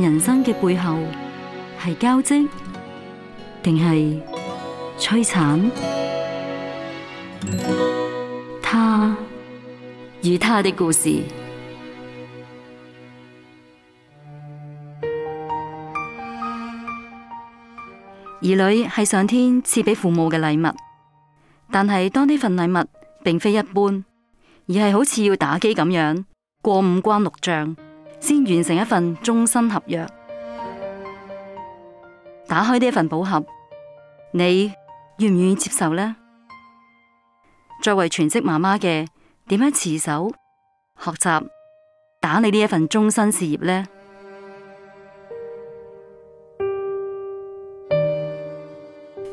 人生嘅背後係交織，定係摧殘？他與他的故事，兒女係上天賜俾父母嘅禮物，但係當呢份禮物並非一般，而係好似要打機咁樣，過五關六將。先完成一份終身合約，打開呢份寶盒，你願唔願意接受呢？作為全職媽媽嘅，點樣持守學習打理呢份終身事業呢？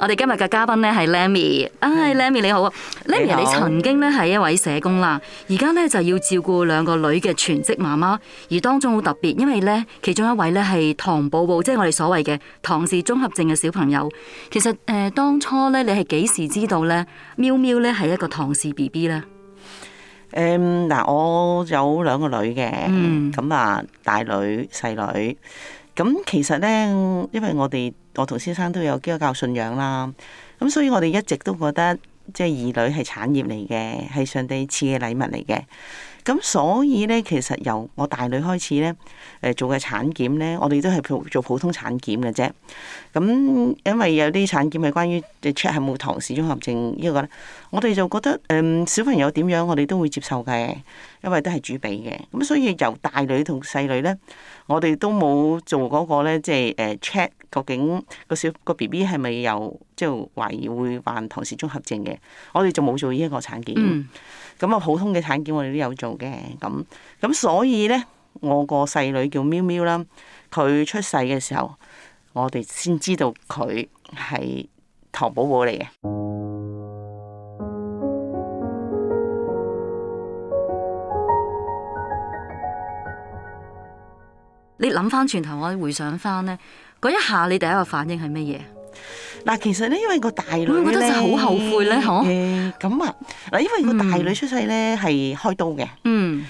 我哋今日嘅嘉賓咧，係 Lamy，唉，Lamy 你好啊，Lamy 你好，你曾經咧，係一位社工啦，而家咧就要照顧兩個女嘅全職媽媽，而當中好特別，因為咧其中一位咧，係唐寶寶，即係我哋所謂嘅唐氏綜合症嘅小朋友。其實誒，當初咧你係幾時知道咧喵喵咧，係一個唐氏 B B 咧？誒，嗱，我有兩個女嘅，咁啊，大女、細女。咁其實咧，因為我哋我同先生都有基督教信仰啦，咁所以我哋一直都覺得即係兒女係產業嚟嘅，係上帝賜嘅禮物嚟嘅。咁所以咧，其實由我大女開始咧，誒、呃、做嘅產檢咧，我哋都係做普通產檢嘅啫。咁、嗯、因為有啲產檢係關於誒 check 係冇唐氏綜合症呢個咧，我哋就覺得誒、嗯、小朋友點樣，我哋都會接受嘅，因為都係主備嘅。咁、嗯、所以由大女同細女咧，我哋都冇做嗰個咧，即係誒 check 究竟個小個 BB 係咪有即係、就是、懷疑會患唐氏綜合症嘅，我哋就冇做呢一個產檢、嗯。咁啊，普通嘅產檢我哋都有做嘅，咁咁所以呢，我個細女叫喵喵啦，佢出世嘅時候，我哋先知道佢係唐寶寶嚟嘅。你諗翻轉頭，我回想翻呢嗰一下，你第一個反應係乜嘢？嗱，其實咧，因為個大女咧，好後悔咧，嗬。咁啊，嗱，因為個大女出世咧係開刀嘅。嗯。嗯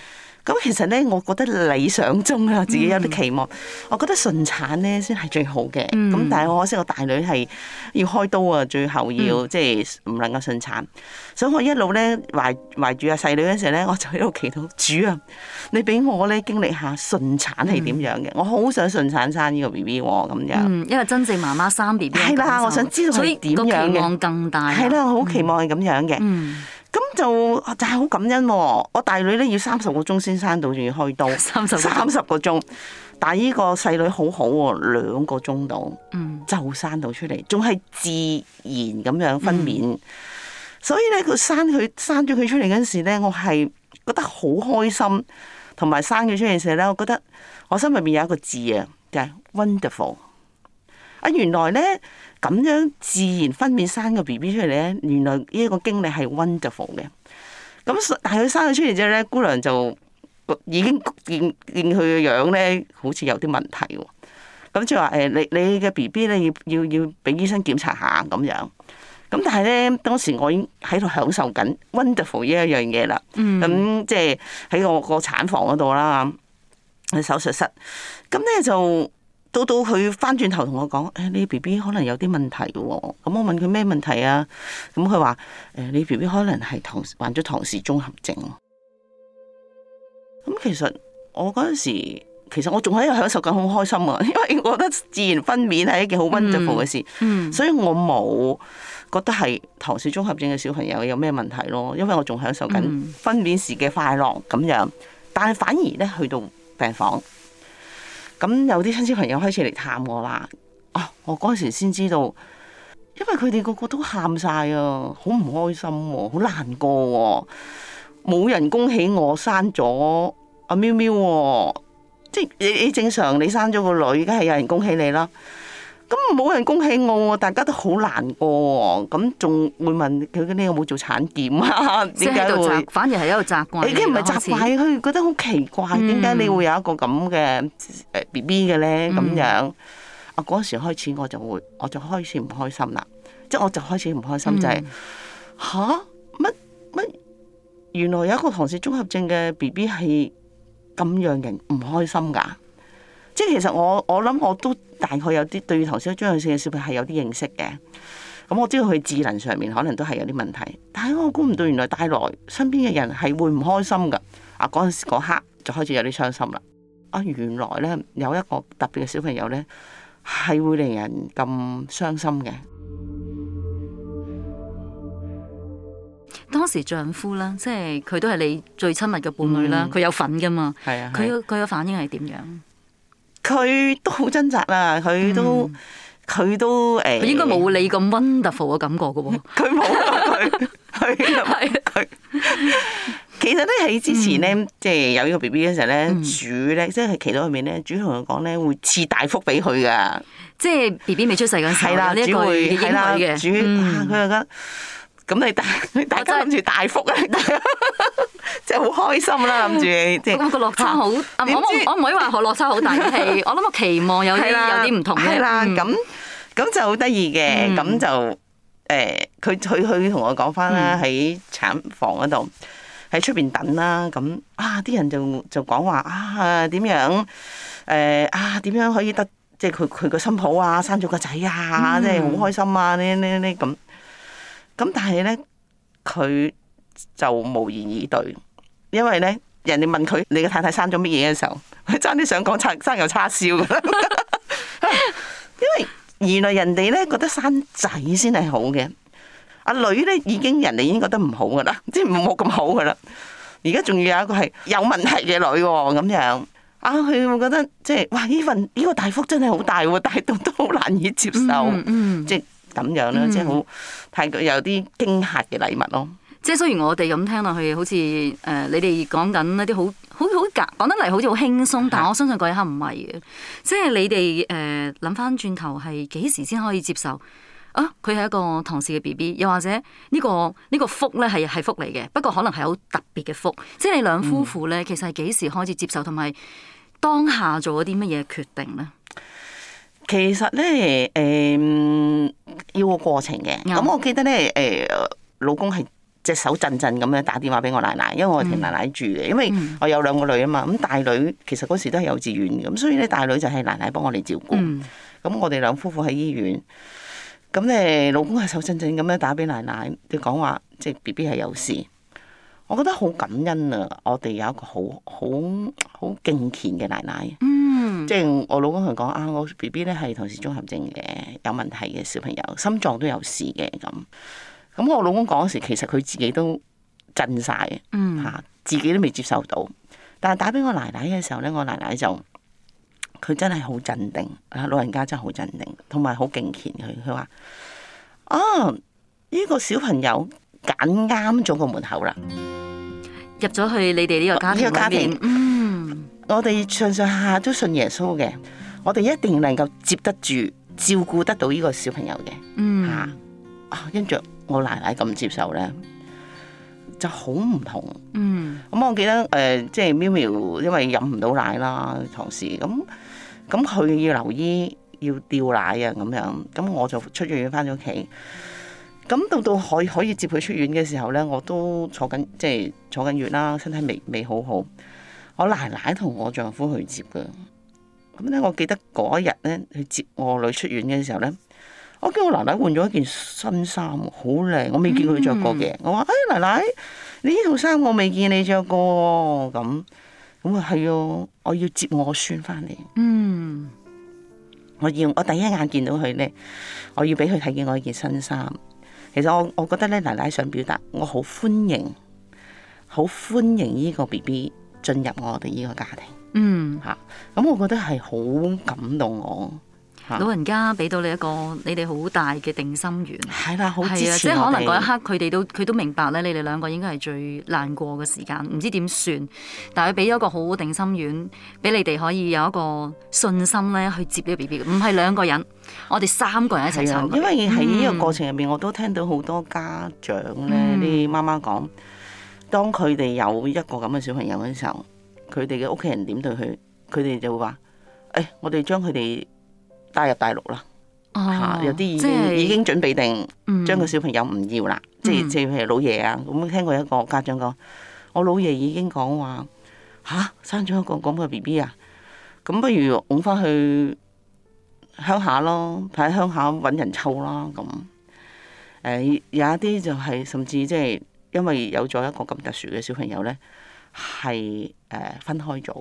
咁其實咧，我覺得理想中啊，自己有啲期望。嗯、我覺得順產咧先係最好嘅。咁、嗯、但係可惜我大女係要開刀啊，最後要、嗯、即係唔能夠順產。所以我一路咧懷懷住阿細女嗰陣咧，我就喺度祈禱主啊，你俾我咧經歷下順產係點樣嘅。嗯、我好想順產生呢個 B B 喎，咁樣、嗯。因為真正媽媽生 B B 係啦，我想知道佢點樣，期望更大。係、嗯、啦，我好期望係咁樣嘅。嗯咁就就係、是、好感恩喎、哦！我大女咧要三十個鐘先生到，仲要開刀。三十個鐘，但係呢個細女好好、哦、喎，兩個鐘到，嗯、就生到出嚟，仲係自然咁樣分娩。嗯、所以咧，佢生佢生咗佢出嚟嗰陣時咧，我係覺得好開心，同埋生佢出嚟時咧，我覺得我心入邊有一個字啊，就係、是、wonderful。啊，原來咧～咁樣自然分娩生個 B B 出嚟咧，原來呢一個經歷係 wonderful 嘅。咁但係佢生咗出嚟之後咧，姑娘就已經見見佢嘅樣咧，好似有啲問題喎。咁就話誒，你你嘅 B B 咧要要要俾醫生檢查下咁樣。咁但係咧，當時我已經喺度享受緊 wonderful 呢一樣嘢啦。咁即係喺我個產房嗰度啦，喺手術室。咁咧就。到到佢翻轉頭同我講，誒、哎，你 B B 可能有啲問題喎、哦。咁、嗯、我問佢咩問題啊？咁佢話，誒、哎，你 B B 可能係唐患咗唐氏綜合症。咁、嗯嗯、其實我嗰陣時，其實我仲喺度享受緊好開心啊，因為我覺得自然分娩係一件好溫柔嘅事，所以我冇覺得係唐氏綜合症嘅小朋友有咩問題咯，因為我仲享受緊分娩時嘅快樂咁樣。但係反而咧，去到病房。咁有啲親戚朋友開始嚟探我啦，啊！我嗰陣時先知道，因為佢哋個個都喊晒啊，好唔開心，好難過、啊，冇人恭喜我生咗阿、啊、喵喵、啊，即係你，你正常，你生咗個女，梗係有人恭喜你啦。咁冇人恭喜我，大家都好難過喎。咁仲會問佢嗰啲有冇做產檢啊？點解反而係一個習慣？你已經唔係習慣，佢始覺得好奇怪，點解、嗯、你會有一個咁嘅誒 B B 嘅咧？咁樣啊，嗰、嗯、時開始我就會，我就開始唔開心啦。即係我就開始唔開心、嗯、就係嚇乜乜，原來有一個唐氏綜合症嘅 B B 係咁讓人唔開心噶。即係其實我我諗我都大概有啲對頭先張女士嘅小朋友係有啲認識嘅，咁、嗯、我知道佢智能上面可能都係有啲問題，但係我估唔到原來帶來身邊嘅人係會唔開心㗎，啊嗰陣時嗰刻就開始有啲傷心啦，啊原來咧有一個特別嘅小朋友咧係會令人咁傷心嘅。當時丈夫啦，即係佢都係你最親密嘅伴侶啦，佢有份㗎嘛，係啊，佢佢嘅反應係點樣？佢都好掙扎啦，佢都佢、嗯、都誒，欸、應該冇你咁 wonderful 嘅感覺㗎喎。佢冇，佢佢係佢。是的 其實咧喺之前咧，嗯、即係有呢個 B B 嘅時候咧，主咧即係企到入面咧，主同佢講咧會賜大福俾佢噶。即係 B B 未出世嗰陣時，係啦的，呢一個係啦，主、嗯、啊，佢覺得。咁你大大家諗住大福啊， 即係好開心啦！諗住即係。咁 個落差好，我唔可以係話落差好大嘅，係 我諗個期望有啲的、嗯、有啲唔同啦。咁咁、嗯、就好得意嘅，咁、啊、就誒佢佢佢同我講翻啦，喺產房嗰度喺出邊等啦。咁啊啲人就就講話啊點樣誒啊點樣可以得即係佢佢個新抱啊生咗個仔啊，即係好開心啊！呢呢呢咁。咁但係咧，佢就無言以對，因為咧，人哋問佢你嘅太太生咗乜嘢嘅時候，佢爭啲想講生生又叉燒， 因為原來人哋咧覺得生仔先係好嘅，阿女咧已經人哋已經覺得唔好噶啦，即係冇咁好噶啦。而家仲要有一個係有問題嘅女喎、哦，咁樣啊，佢會覺得即係哇，呢份呢個大福真係好大，大到都好難以接受，即、嗯嗯咁樣咧，嗯、即係好太過有啲驚嚇嘅禮物咯。即係雖然我哋咁聽落去好似誒、呃，你哋講緊一啲好好好夾，講得嚟好似好輕鬆。但我相信嗰一刻唔係嘅。的即係你哋誒諗翻轉頭係幾時先可以接受啊？佢係一個同事嘅 B B，又或者呢、呢個呢、呢個福咧係係福嚟嘅。不過可能係好特別嘅福。即係你兩夫婦咧，嗯、其實係幾時開始接受，同埋當下做咗啲乜嘢決定咧？其實咧，誒、嗯。要個過程嘅，咁有我記得咧，誒、欸，老公係隻手震震咁樣打電話俾我奶奶，因為我係同奶奶住嘅，嗯、因為我有兩個女啊嘛，咁大女其實嗰時都係幼稚園，咁所以咧大女就係奶奶幫我哋照顧，咁、嗯、我哋兩夫婦喺醫院，咁咧老公係手震震咁樣打俾奶奶，說說就講話即係 BB 係有事，我覺得好感恩啊，我哋有一個好好好敬虔嘅奶奶。嗯即係我老公佢講啊，我 B B 咧係唐氏綜合症嘅有問題嘅小朋友，心臟都有事嘅咁。咁我老公講嗰時，其實佢自己都震晒吓自己都未接受到。但係打俾我奶奶嘅時候咧，我奶奶就佢真係好鎮定啊，老人家真係好鎮定，同埋好敬虔。佢佢話：哦、啊，呢、這個小朋友揀啱咗個門口啦，入咗去你哋呢個，個家庭。我哋上上下下都信耶穌嘅，我哋一定能夠接得住，照顧得到呢個小朋友嘅。嗯，嚇、啊，跟住我奶奶咁接受咧，就好唔同。嗯，咁我記得誒、呃，即係苗苗，因為飲唔到奶啦，同時咁咁佢要留醫要吊奶啊，咁樣咁我就出咗院返咗屋企。咁到到可以可以接佢出院嘅時候咧，我都坐緊即係坐緊月啦，身體未未好好。我奶奶同我丈夫去接噶，咁咧。我記得嗰一日咧，去接我女出院嘅時候咧，我見我奶奶換咗一件新衫，好靚。我未見佢着過嘅。我話：誒、哎，奶奶，你呢套衫我未見你着過咁咁啊，係啊！我要接我孫翻嚟。嗯，我要我第一眼見到佢咧，我要俾佢睇見我件新衫。其實我我覺得咧，奶奶想表達我好歡迎，好歡迎呢個 BB。進入我哋呢個家庭，嗯嚇，咁、啊、我覺得係好感動，我老人家俾到你一個你哋好大嘅定心丸，係啦，好支持的我哋們，即係可能嗰一刻佢哋都佢都明白咧，你哋兩個應該係最難過嘅時間，唔知點算，但佢俾咗個好好定心丸俾你哋可以有一個信心咧去接呢個 B B，唔係兩個人，我哋三個人一齊上，因為喺呢個過程入邊、嗯、我都聽到好多家長咧啲媽媽講。當佢哋有一個咁嘅小朋友嗰陣時候，佢哋嘅屋企人點對佢，佢哋就會話：，誒、哎，我哋將佢哋帶入大陸啦。吓、啊啊，有啲已經是已經準備定，將個小朋友唔要啦、嗯。即係即係譬如老爺啊，我有聽過一個家長講，嗯、我老爺已經講話，吓、啊、生咗一個咁嘅 B B 啊，咁不如㧬翻去鄉下咯，喺鄉下搵人湊啦。咁，誒、哎，有一啲就係甚至即、就、係、是。因為有咗一個咁特殊嘅小朋友咧，係誒分開咗，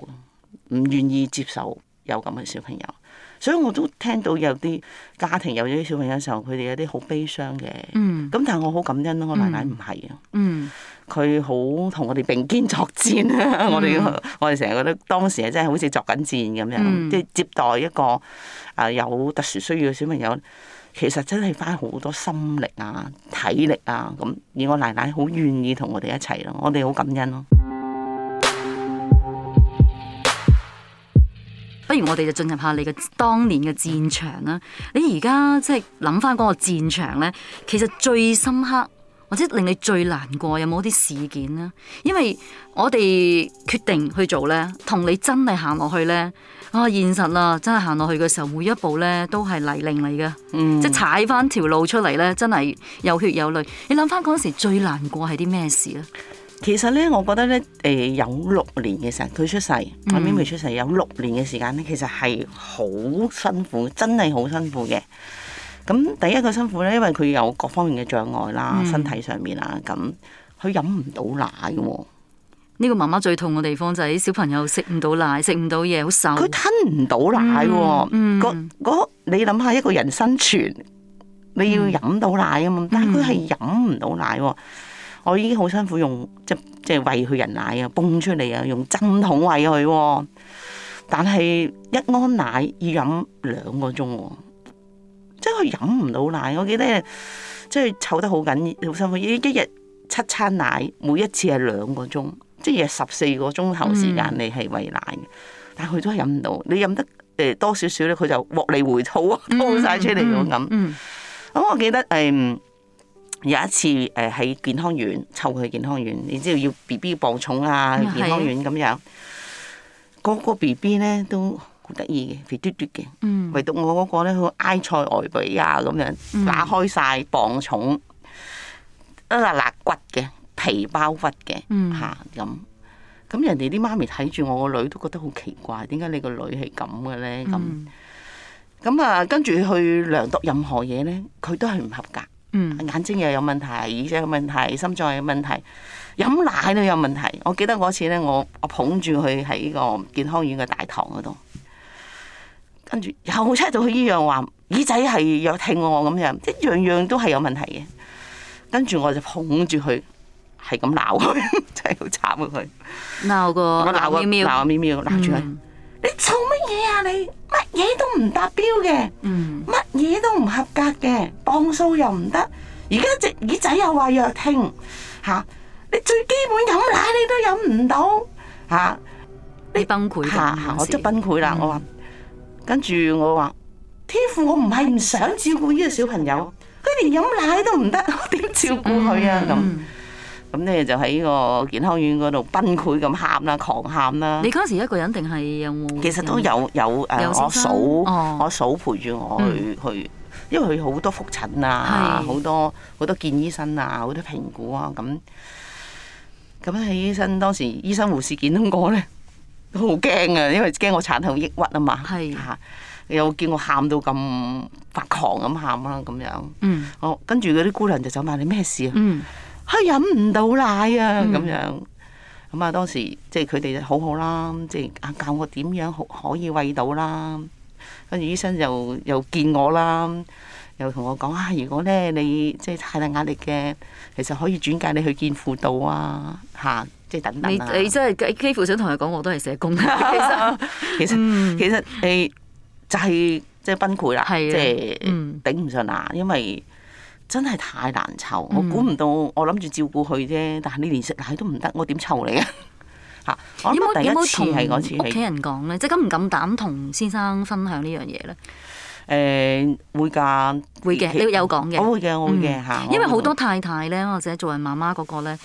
唔願意接受有咁嘅小朋友，所以我都聽到有啲家庭有咗啲小朋友嘅時候，佢哋有啲好悲傷嘅。嗯，咁但係我好感恩咯，我奶奶唔係啊。嗯，佢好同我哋並肩作戰啊、嗯！ 我哋我哋成日覺得當時係真係好似作緊戰咁樣，即係、嗯、接待一個啊有特殊需要嘅小朋友。其實真係花好多心力啊、體力啊咁，而我奶奶好願意同我哋一齊咯，我哋好感恩咯、啊。不如我哋就進入下你嘅當年嘅戰場啦。你而家即係諗翻嗰個戰場咧，其實最深刻或者令你最難過有冇啲事件咧？因為我哋決定去做咧，同你真係行落去咧。啊！現實啦，真係行落去嘅時候，每一步咧都係泥濘嚟嘅，嗯、即係踩翻條路出嚟咧，真係有血有淚。你諗翻嗰時最難過係啲咩事啊？其實咧，我覺得咧，誒有六年嘅時候，佢出世，我咪咪出世，有六年嘅時間咧、嗯，其實係好辛苦，真係好辛苦嘅。咁第一個辛苦咧，因為佢有各方面嘅障礙啦，身體上面啊，咁佢、嗯嗯嗯、飲唔到奶喎。呢個媽媽最痛嘅地方就係小朋友食唔到奶，食唔到嘢，好瘦。佢吞唔到奶、哦，嗰、嗯嗯、你諗下一個人生存，你要飲到奶啊嘛！嗯、但係佢係飲唔到奶、哦。嗯、我已經好辛苦用即即係餵佢人奶啊，泵出嚟啊，用針筒餵佢、哦。但係一安奶要飲兩個鐘、哦，即係佢飲唔到奶。我記得即係湊得好緊要，好辛苦。一一日七餐奶，每一次係兩個鐘。即係十四個鐘頭時，時間你難，你係喂奶嘅，但係佢都飲唔到。你飲得誒多少少咧，佢就獲利回吐，頭， 吐晒出嚟喎噉。咁、嗯嗯、我記得誒、嗯、有一次誒喺健康院，湊佢去健康院，你知道要 B B 磅重啊，嗯、健康院咁樣。啊、個個 B B 咧都好得意嘅，肥嘟嘟嘅。嗯、唯獨我嗰、那個嗰個咧，好挨菜外髀啊咁樣，嗯、打開晒磅重，都係肋骨嘅。皮包骨嘅吓咁，咁、嗯啊、人哋啲媽咪睇住我個女都覺得好奇怪，點解你個女係咁嘅咧？咁咁、嗯、啊，跟住去量度任何嘢咧，佢都係唔合格。嗯、眼睛又有問題，耳仔有問題，心臟有問題，飲奶都有問題。我記得嗰次咧，我我捧住佢喺個健康院嘅大堂嗰度，跟住又出到去醫院話耳仔係弱聽我咁樣，即係樣，樣樣都係有問題嘅。跟住我就捧住佢。係咁鬧佢，真係好慘啊佢。鬧個我鬧啊喵，鬧啊喵，鬧住佢。你做乜嘢啊你？乜嘢都唔達標嘅，乜嘢都唔合格嘅，磅數又唔得。而家隻耳仔又話弱聽，吓你最基本飲奶你都飲唔到，吓你崩潰。吓吓，我真崩潰啦！我話，跟住我話，天父我唔係唔想照顧呢個小朋友，佢連飲奶都唔得，我點照顧佢啊咁？咁咧就喺個健康院嗰度崩潰咁喊啦，狂喊啦！你嗰時一個人定係有冇？其實都有有誒，有我嫂，哦、我嫂陪住我去去，嗯、因為佢好多覆診啊，好是多好多見醫生啊，好多評估啊，咁咁起起身當時醫生、護士見、見到我咧都好驚啊，因為驚我產後抑鬱啊嘛，嚇又是、啊、見我喊到咁發狂咁喊啦咁樣。我、嗯嗯、跟住嗰啲姑娘就走埋，你咩事啊？嗯佢飲唔到奶啊！咁、嗯、樣咁啊，當時即係佢哋就好好啦，即係啊教我點樣可以餵到啦。跟住醫生又又見我啦，又同我講啊，如果咧你即係太大壓力嘅，其實可以轉介你去見輔導啊，嚇、啊、即係等等、啊你。你你真係幾乎想同佢講我都係社工啊！其實 其實、嗯、其實你就係即係崩潰啦，即係的頂唔順啦，嗯、因為。真係太難湊，我估唔到我，我諗住照顧佢啫，但係你連食奶都唔得，我點湊你啊？嚇！我第一次有冇同屋企人講咧，即係咁唔敢膽同先生分享呢樣嘢咧。誒、欸，會㗎，會嘅，你有講嘅，我會嘅、嗯，我會嘅嚇。因為好多太太咧，或者作為媽媽嗰個咧。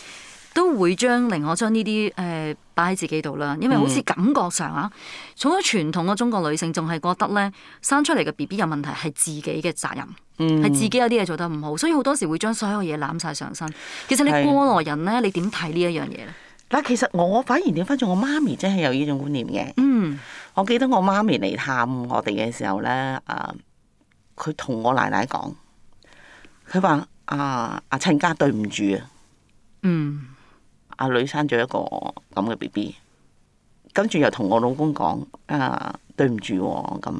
都會將寧可將呢啲誒擺喺自己度啦，因為好似感覺上啊，嗯、從咗傳統嘅中國女性仲係覺得咧，生出嚟嘅 B B 有問題係自己嘅責任，係、嗯、自己有啲嘢做得唔好，所以好多時會將所有嘢攬晒上身。其實你過來人咧，是你點睇呢一樣嘢咧？嗱，其實我反而點翻轉，我媽咪真係有呢種觀念嘅。嗯，我記得我媽咪嚟探我哋嘅時候咧、呃，啊，佢同我奶奶講，佢話：啊啊親家對唔住啊，嗯。阿女生咗一個咁嘅 B B，跟住又同我老公講：啊，對唔住咁。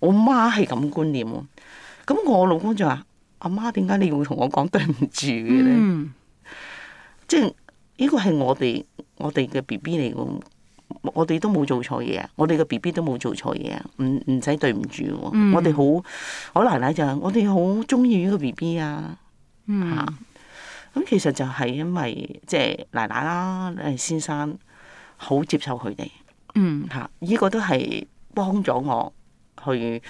我媽係咁觀念、哦，咁我老公就話：阿、啊、媽，點解你會同我講對唔住嘅咧？嗯、即係呢個係我哋我哋嘅 B B 嚟嘅，我哋都冇做錯嘢，我哋嘅 B B 都冇做錯嘢，唔唔使對唔住、哦。嗯、我哋好我奶奶就係、我哋好中意呢個 B B 啊，吓、嗯。啊咁其實就係因為即係奶奶啦，誒、就是、先生好接受佢哋，嗯嚇，呢個都係幫咗我去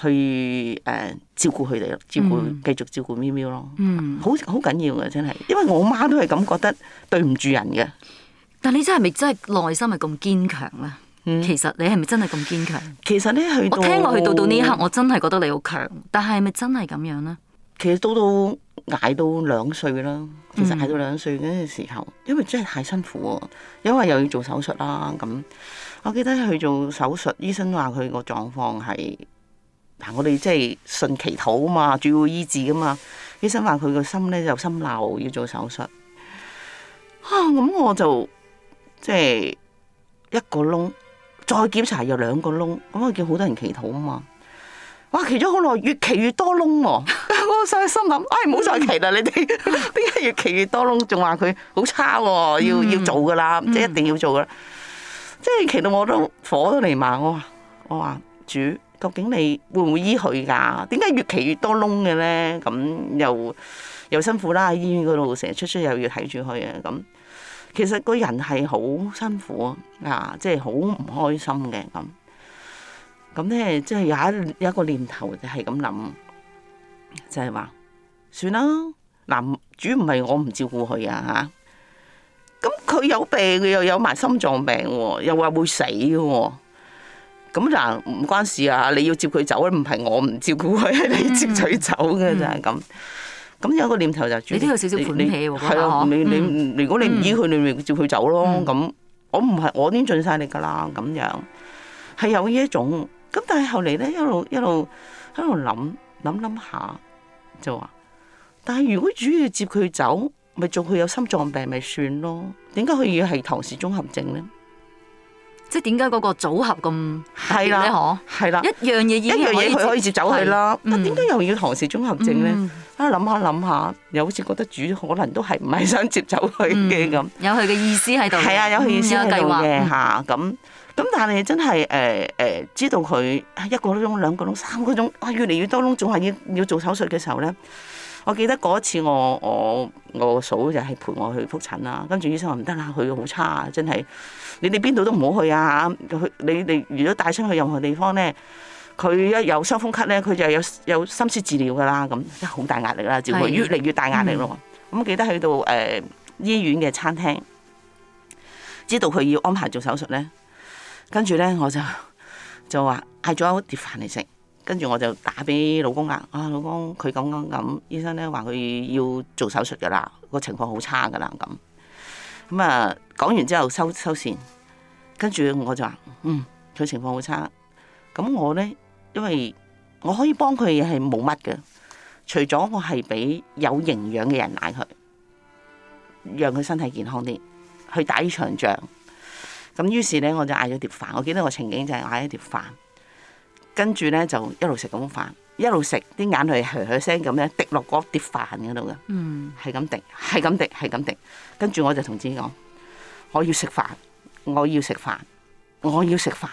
去誒照顧佢哋咯，照顧繼續照顧喵喵咯，嗯，好好緊要嘅真係，因為我媽都係咁覺得對唔住人嘅。但你真係咪真係內心係咁堅強咧？嗯、其實你係咪真係咁堅強？其實咧，去到我聽去到到呢一刻，我真係覺得你好強，但係咪真係咁樣咧？其實到到。挨到兩歲啦，其實挨到兩歲嗰陣時候，因為真係太辛苦啊，因為又要做手術啦。咁我記得去做手術，醫生話佢個狀況係，嗱我哋即係順祈禱啊嘛，主要醫治噶嘛。醫生話佢個心咧有心漏，要做手術。啊，咁我就即係、就是、一個窿，再檢查又兩個窿，咁我叫好多人祈禱啊嘛。哇！騎咗好耐，越騎越多窿喎、啊！我細心諗，哎、唔好再騎啦，你哋點解越騎越多窿？仲話佢好差喎、啊，要要做噶啦，即係一定要做噶啦。即係騎到我都火都嚟埋，我話我話主，究竟你會唔會醫佢㗎？點解越騎越多窿嘅咧？咁又又辛苦啦！喺醫院嗰度成日出出又要睇住佢啊！咁其實個人係好辛苦啊，即係好唔開心嘅咁。咁咧，即係有一有一個念頭就係咁諗，就係、是、話算啦，嗱，主唔係我唔照顧佢啊嚇，咁佢、嗯、有病，佢又有埋心臟病喎、啊，又話會死嘅喎，咁嗱唔關事啊，你、嗯、要接佢走，唔係我唔照顧佢，你接佢走嘅就係咁，咁有一個念頭就主都有少少怨氣，你你如果你唔依佢，你咪照佢走咯，咁我唔係我已經盡晒力噶啦，咁樣係有呢一種。咁但係後嚟咧一路一路喺度諗諗諗下就話，但係如果主要接佢走，咪做佢有心臟病咪算咯？點解佢要係唐氏綜合症咧？即係點解嗰個組合咁係啦？嗬，係啦，一樣嘢一樣嘢佢可以接走佢啦，但點解又要唐氏綜合症咧？啊，諗下諗下，又好似覺得主可能都係唔係想接走佢嘅咁，有佢嘅意思喺度，係啊，有佢嘅計劃嚇咁。咁但係真係誒誒，知道佢一個窿、兩個窿、三個窿，哇、啊、越嚟越多窿，總係要要做手術嘅時候咧。我記得嗰次我我我嫂就係陪我去覆診啦，跟住醫生話唔得啦，佢好差呀，真係你哋邊度都唔好去啊！佢你哋如果帶親去任何地方咧，佢一有傷風咳咧，佢就有有心思治療噶啦，咁真係好大壓力啦，照會越嚟越大壓力咯。咁記得去到誒、呃、醫院嘅餐廳，知道佢要安排做手術咧。跟住咧，我就就話嗌咗一碟飯嚟食。跟住我就打俾老公啊！啊，老公佢咁咁咁，醫生咧話佢要做手術嘅啦，個情況好差嘅啦咁。咁啊、嗯、講完之後收收線，跟住我就話：嗯，佢情況好差。咁、嗯、我咧，因為我可以幫佢嘅嘢係冇乜嘅，除咗我係俾有營養嘅人奶佢，讓佢身體健康啲，去打呢場仗。咁於是咧，我就嗌咗碟飯。我記得我情景就係嗌咗碟飯，跟住咧就一路食咁飯，一路食啲眼淚嘰嘰聲咁樣滴落嗰碟飯嗰度嘅。嗯，係咁滴，係咁滴，係咁滴。跟住我就同自己講，我要食飯，我要食飯，我要食飯，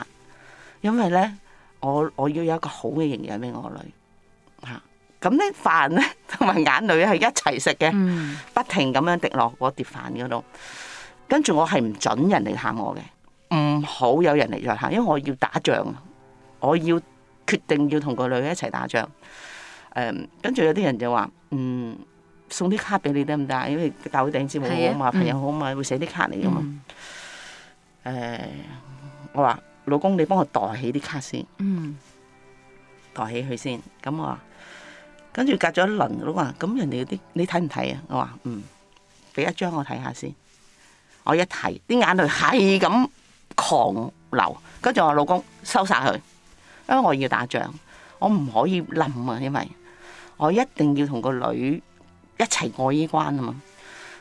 因為咧我我要有一個好嘅營養俾我女嚇。咁、嗯、啲飯咧同埋眼淚係一齊食嘅，嗯、不停咁樣滴落嗰碟飯嗰度。跟住我係唔準人嚟嚇我嘅，唔好有人嚟再嚇，因為我要打仗啊！我要決定要同個女一齊打仗。誒、嗯，跟住有啲人就話：嗯，送啲卡俾你得唔得？因為搞好頂節目嘛，啊嗯、朋友好嘛，會寫啲卡嚟噶嘛。誒、嗯，嗯、我話：老公，你幫我袋起啲卡先，、嗯、起先。嗯。袋起佢先。咁我話，跟住隔咗一輪，我話：咁、嗯、人哋啲你睇唔睇啊？我話：嗯，俾一張我睇下先。我一提啲眼淚係咁狂流，跟住我老公收晒佢，因為我要打仗，我唔可以冧啊，因為我一定要同個女一齊過呢關啊嘛，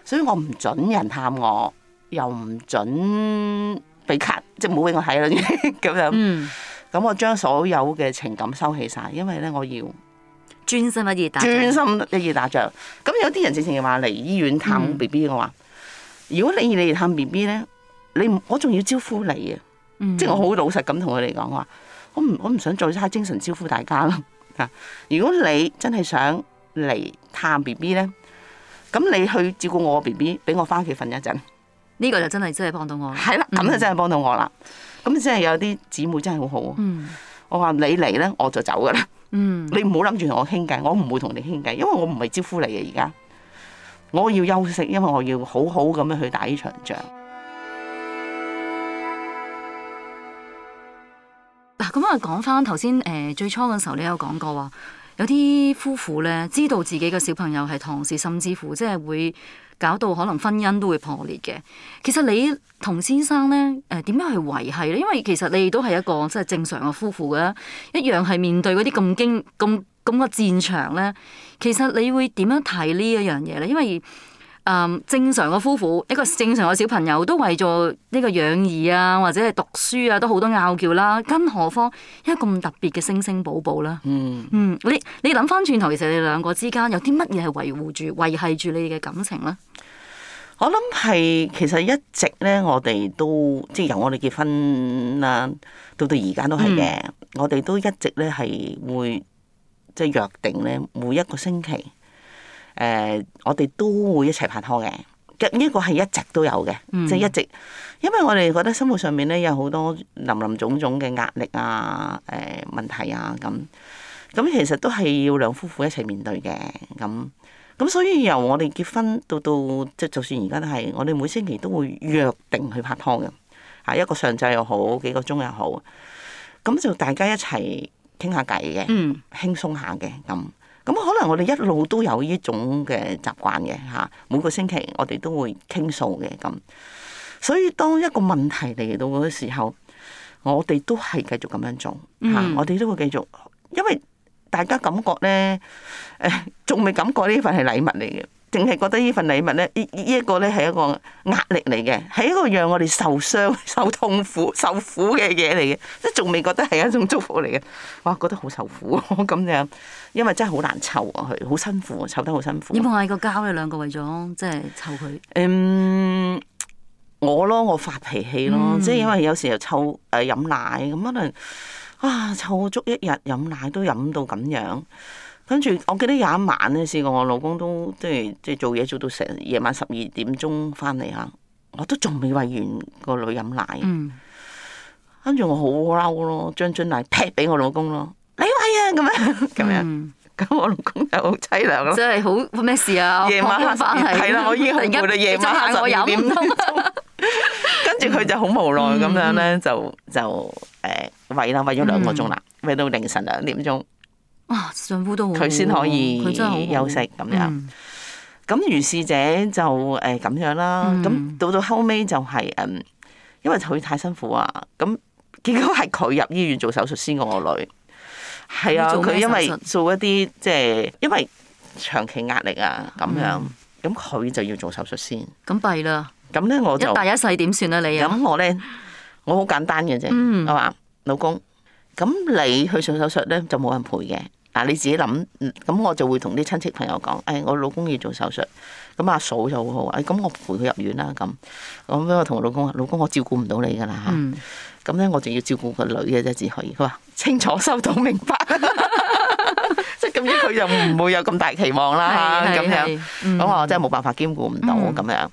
所以我唔准人探我，又唔准俾卡，即冇唔俾我睇啦，咁 樣。咁、嗯、我將所有嘅情感收起晒，因為咧我要專心一意打，專心一意打仗。咁有啲人直情話嚟醫院探 B B，我話。嗯嗯如果你你嚟探 B B 咧，你我仲要招呼你啊！嗯、即係我好老實咁同佢哋講話，我唔我唔想再嘥精神招呼大家啦。啊！ 如果你真係想嚟探 B B 咧，咁你去照顧我 B B，俾我翻屋企瞓一陣。呢個就真係真係幫到我。係啦，咁、嗯、就真係幫到我啦。咁即係有啲姊妹真係好好、啊。嗯、我話你嚟咧，我就走噶啦。嗯、你唔好諗住同我傾偈，我唔會同你傾偈，因為我唔係招呼你啊！而家。我要休息，因為我要好好咁樣去打呢場仗。嗱，咁啊講翻頭先，誒最初嘅時候，你有講過話有啲夫婦咧知道自己嘅小朋友係唐氏，甚至乎即係會搞到可能婚姻都會破裂嘅。其實你同先生咧誒點樣去維繫咧？因為其實你都係一個即係正常嘅夫婦嘅，一樣係面對嗰啲咁驚咁。咁個戰場咧，其實你會點樣睇呢一樣嘢咧？因為誒、嗯、正常嘅夫婦，一個正常嘅小朋友都為咗呢個養兒啊，或者係讀書啊，都好多拗撬啦。更何況一個咁特別嘅星星寶寶啦。嗯嗯，你你諗翻轉頭，其實你兩個之間有啲乜嘢係維護住、維係住你哋嘅感情咧？我諗係其實一直咧，我哋都即係由我哋結婚啦、啊，到到而家都係嘅。嗯、我哋都一直咧係會。即係約定咧，每一個星期，誒、呃，我哋都會一齊拍拖嘅。呢、這個係一直都有嘅，嗯、即係一直，因為我哋覺得生活上面咧有好多林林種種嘅壓力啊、誒、呃、問題啊咁，咁其實都係要兩夫婦一齊面對嘅。咁咁所以由我哋結婚到到即就算而家都係，我哋每星期都會約定去拍拖嘅。啊，一個上晝又好，幾個鐘又好，咁就大家一齊。傾下偈嘅，輕鬆下嘅咁，咁可能我哋一路都有呢種嘅習慣嘅嚇。每個星期我哋都會傾訴嘅咁，所以當一個問題嚟到嗰時候，我哋都係繼續咁樣做嚇、嗯啊，我哋都會繼續，因為大家感覺咧，誒仲未感覺呢份係禮物嚟嘅。淨係覺得呢份禮物咧，呢呢一個咧係一個壓力嚟嘅，係一個讓我哋受傷、受痛苦、受苦嘅嘢嚟嘅，即仲未覺得係一種祝福嚟嘅。哇，覺得好受苦咁樣，因為真係好難湊佢、啊，好辛苦，湊得好辛苦。要嗌個交，你兩個為咗即係湊佢。就是、嗯，我咯，我發脾氣咯，即係因為有時候湊誒、呃、飲奶咁可能，啊，湊足一日飲奶都飲到咁樣。跟住，我記得有一晚咧，試過我老公都即係即係做嘢做到成夜晚十二點鐘翻嚟嚇，我都仲未餵完個女飲奶。跟住我好嬲咯，將樽奶劈俾我老公咯，你餵啊咁樣咁樣，咁我老公就好淒涼咯。真係好咩事啊？夜晚十二，係啦，我已經去到夜晚十二點鐘，跟住佢就好無奈咁樣咧，就就誒餵啦，餵咗兩個鐘啦，餵到凌晨兩點鐘。哇！丈夫都佢先可以休息咁樣，咁如是者就誒咁樣啦。咁到到後尾，就係誒，因為佢太辛苦啊。咁結果係佢入醫院做手術先，我女係啊。佢因為做一啲即係因為長期壓力啊咁樣，咁佢就要做手術先。咁弊啦。咁咧我就一大一細點算啊？你咁我咧，我好簡單嘅啫。我話老公，咁你去上手術咧就冇人陪嘅。嗱，你自己諗，咁我就會同啲親戚朋友講，誒、哎，我老公要做手術，咁阿嫂就好好啊，咁、哎、我陪佢入院啦，咁咁咧，我同我老公話，老公我照顧唔到你噶啦嚇，咁咧、嗯、我仲要照顧個女嘅啫，只可以佢話清楚收到明白，即係咁樣佢又唔會有咁大期望啦嚇，咁樣咁我真係冇辦法兼顧唔到咁樣。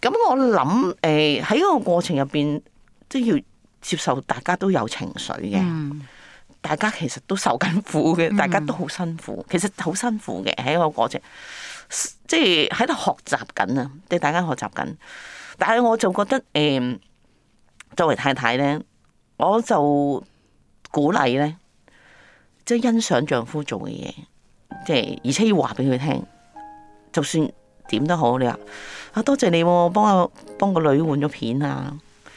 咁、嗯、我諗誒喺個過程入邊，即係要接受大家都有情緒嘅。嗯大家其實都受緊苦嘅，大家都好辛苦，其實好辛苦嘅喺個嗰隻，即係喺度學習緊啊！對大家學習緊，但係我就覺得誒、欸，作為太太咧，我就鼓勵咧，即係欣賞丈夫做嘅嘢，即係而且要話俾佢聽，就算點都好，你話啊多謝你、哦、幫我幫個女換咗片啊，誒、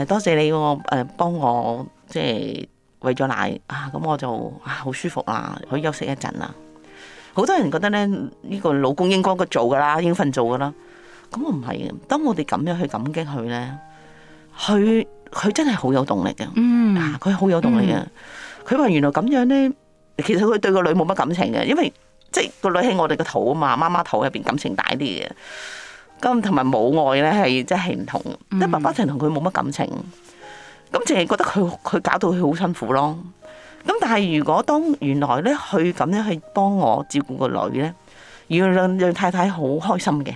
啊、多謝你誒、哦呃、幫我即係。餵咗奶啊，咁我就啊好舒服啦，可以休息一陣啦。好多人覺得咧，呢、這個老公應該佢做噶啦，應份做噶啦。咁我唔係嘅，當我哋咁樣去感激佢咧，佢佢真係好有動力嘅，嗯、啊，佢好有動力嘅。佢話、嗯、原來咁樣咧，其實佢對個女冇乜感情嘅，因為即係個女喺我哋個肚啊嘛，媽媽肚入邊感情大啲嘅。咁、嗯、同埋母愛咧係即係唔同，即係爸爸淨係同佢冇乜感情。咁淨係覺得佢佢搞到佢好辛苦咯。咁但係如果當原來咧，佢咁樣去幫我照顧個女咧，原來令令太太好開心嘅，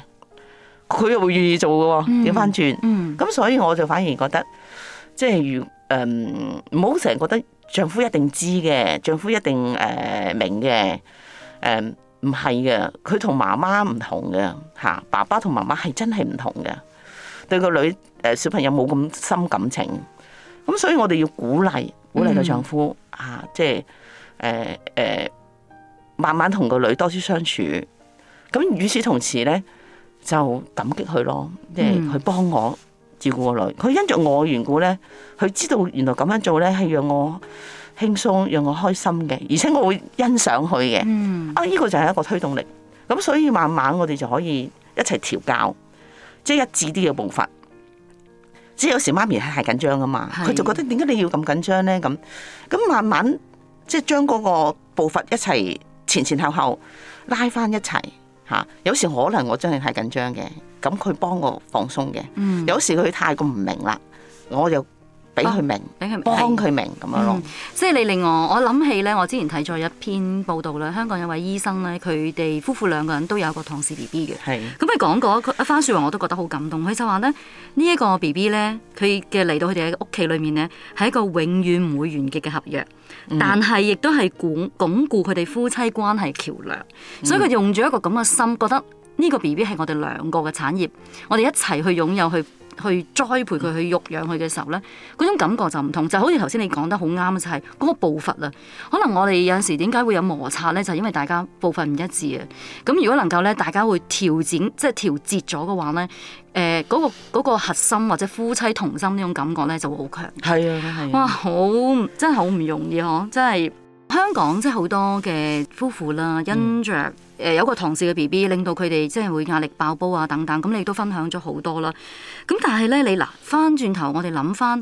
佢又會願意做嘅。調翻轉咁，所以我就反而覺得即係如誒唔好成日覺得丈夫一定知嘅，丈夫一定誒、呃、明嘅誒，唔係嘅。佢同媽媽唔同嘅嚇、啊，爸爸同媽媽係真係唔同嘅、啊，對個女誒、呃、小朋友冇咁深，深感情。咁所以，我哋要鼓勵鼓勵個丈夫吓、嗯啊，即係誒誒，慢慢同個女多啲相處。咁與此同時咧，就感激佢咯，即係佢幫我照顧個女。佢因着我緣故咧，佢知道原來咁樣做咧係讓我輕鬆、讓我開心嘅，而且我會欣賞佢嘅。嗯、啊，呢、這個就係一個推動力。咁所以，慢慢我哋就可以一齊調教，即係一致啲嘅步伐。只有時媽咪係緊張噶嘛。佢就覺得點解你要咁緊張咧？咁咁，慢慢即係將嗰個步伐一齊前前後後拉返一齊吓、啊。有時可能我真係太緊張嘅，咁佢幫我放鬆嘅。嗯、有時佢太過唔明啦，我就。俾佢明，俾佢明，幫佢明咁樣咯。即係、嗯就是、你令我，我諗起咧，我之前睇咗一篇報道咧，香港有位醫生咧，佢哋夫婦兩個人都有個唐氏 B B 嘅。係是。咁佢講過，佢一番説話我都覺得好感動。佢就話咧，這個、BB 呢一個 B B 咧，佢嘅嚟到佢哋喺屋企裡面咧，係一個永遠唔會完結嘅合約，但係亦都係鞏鞏固佢哋、嗯、夫妻關係橋樑。嗯、所以佢用咗一個咁嘅心，覺得呢個 B B 係我哋兩個嘅產業，我哋一齊去擁有去。去栽培佢，去育養佢嘅時候咧，嗰種感覺就唔同，就好似頭先你講得好啱，就係嗰個步伐啊。可能我哋有陣時點解會有摩擦咧，就係因為大家步伐唔一致啊。咁如果能夠咧，大家會調整，即係調節咗嘅話咧，誒嗰個嗰個核心或者夫妻同心呢種感覺咧，就會好強。係啊係啊！哇，好真係好唔容易呵，真係。香港即係好多嘅夫婦啦，因着誒有個唐氏嘅 B B，令到佢哋即係會壓力爆煲啊等等。咁、嗯、你都分享咗好多啦。咁、嗯、但係咧，你嗱翻轉頭我，我哋諗翻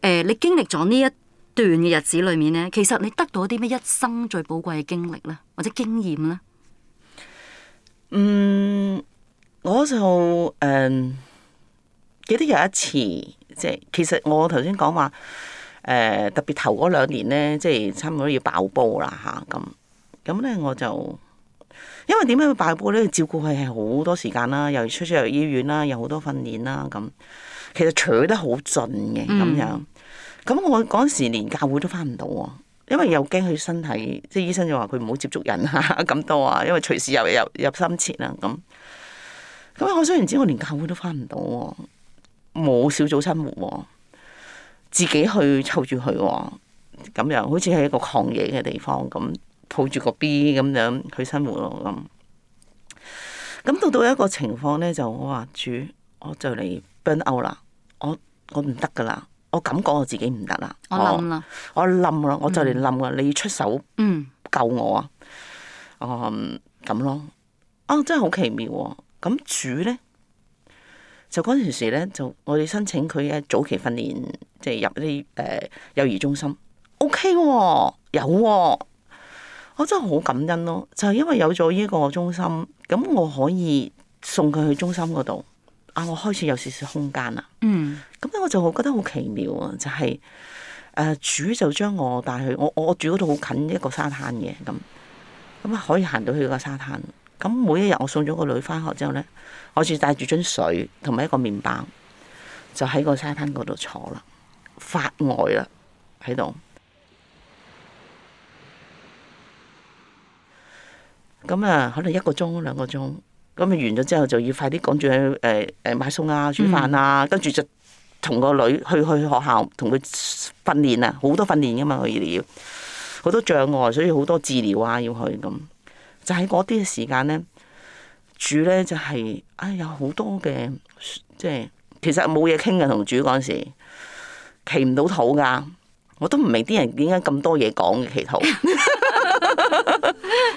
誒，你經歷咗呢一段嘅日子裏面咧，其實你得到啲咩一生最寶貴嘅經歷咧，或者經驗咧？嗯，我就誒、嗯、記得有一次，即係其實我頭先講話。誒特別頭嗰兩年咧，即係差唔多要爆煲啦嚇，咁咁咧我就因為點解要爆煲咧？照顧佢係好多時間啦，又出出入醫院啦，又好多訓練啦，咁其實取得好盡嘅咁、嗯、樣。咁我嗰時連教會都翻唔到喎，因為又驚佢身體，即係醫生就話佢唔好接觸人啊咁 多啊，因為隨時又入入深切啦咁。咁我雖然知我連教會都翻唔到喎，冇小組生活。自己去湊住佢喎，咁樣好似係一個狂野嘅地方咁，抱住個 B 咁樣去生活咯。咁咁到到一個情況咧，就我話主，我就嚟 burn out 啦，我我唔得噶啦，我感覺我自己唔得啦，我冧啦，我冧啦，我，嗯、我就嚟冧噶，你出手、嗯、救我啊，嗯咁咯啊，真係好奇妙喎、哦。咁主咧就嗰陣時咧就我哋申請佢嘅早期訓練。即係入啲誒幼兒中心，OK 喎，有喎，我真係好感恩咯。就係因為有咗呢個中心，咁我可以送佢去中心嗰度啊。我開始有少少空間啦。嗯，咁咧我就好覺得好奇妙啊，就係誒主就將我帶去我我住嗰度好近一個沙灘嘅咁咁啊，可以行到去個沙灘。咁每一日我送咗個女翻學之後咧，我就帶住樽水同埋一個麵包就喺個沙灘嗰度坐啦。發呆啦喺度，咁啊，可能一個鐘兩個鐘咁啊，完咗之後就要快啲趕住去誒誒買餸啊、煮飯啊，嗯、跟住就同個女去去學校同佢訓，訓練啊，好多訓練噶嘛。佢要好多障礙，所以好多治療啊，要去咁就喺嗰啲嘅時間咧，煮咧就係、是、唉、哎，有好多嘅即係其實冇嘢傾嘅，同煮嗰陣時。祈唔到肚㗎，我都唔明啲人點解咁多嘢講祈禱，肚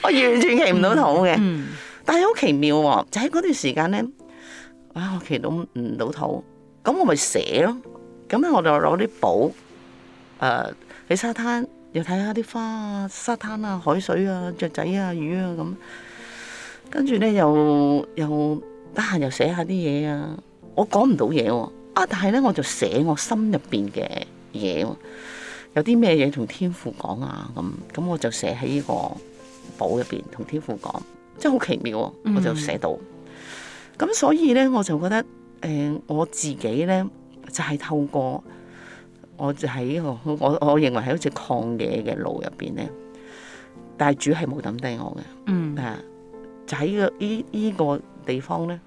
我完全祈唔到肚嘅。嗯嗯、但係好奇妙、哦，就喺、是、嗰段時間咧，哇、哎，我祈到唔到肚。咁我咪寫咯。咁我就攞啲簿，誒、呃，喺沙灘又睇下啲花啊，沙灘啊，海水啊，雀仔啊，魚啊咁，跟住咧又又得閒、啊、又寫下啲嘢啊。我講唔到嘢喎、哦。啊！但係咧，我就寫我心入邊嘅嘢，有啲咩嘢同天父講啊？咁咁，我就寫喺呢個簿入邊同天父講，真係好奇妙、啊，嗯、我就寫到。咁所以咧，我就覺得誒、呃，我自己咧就係、是、透過，我就喺呢個我我認為喺好似曠野嘅路入邊咧，但係主係冇抌低我嘅，嗯誒、啊，就喺、呢個呢呢、呢個地方咧，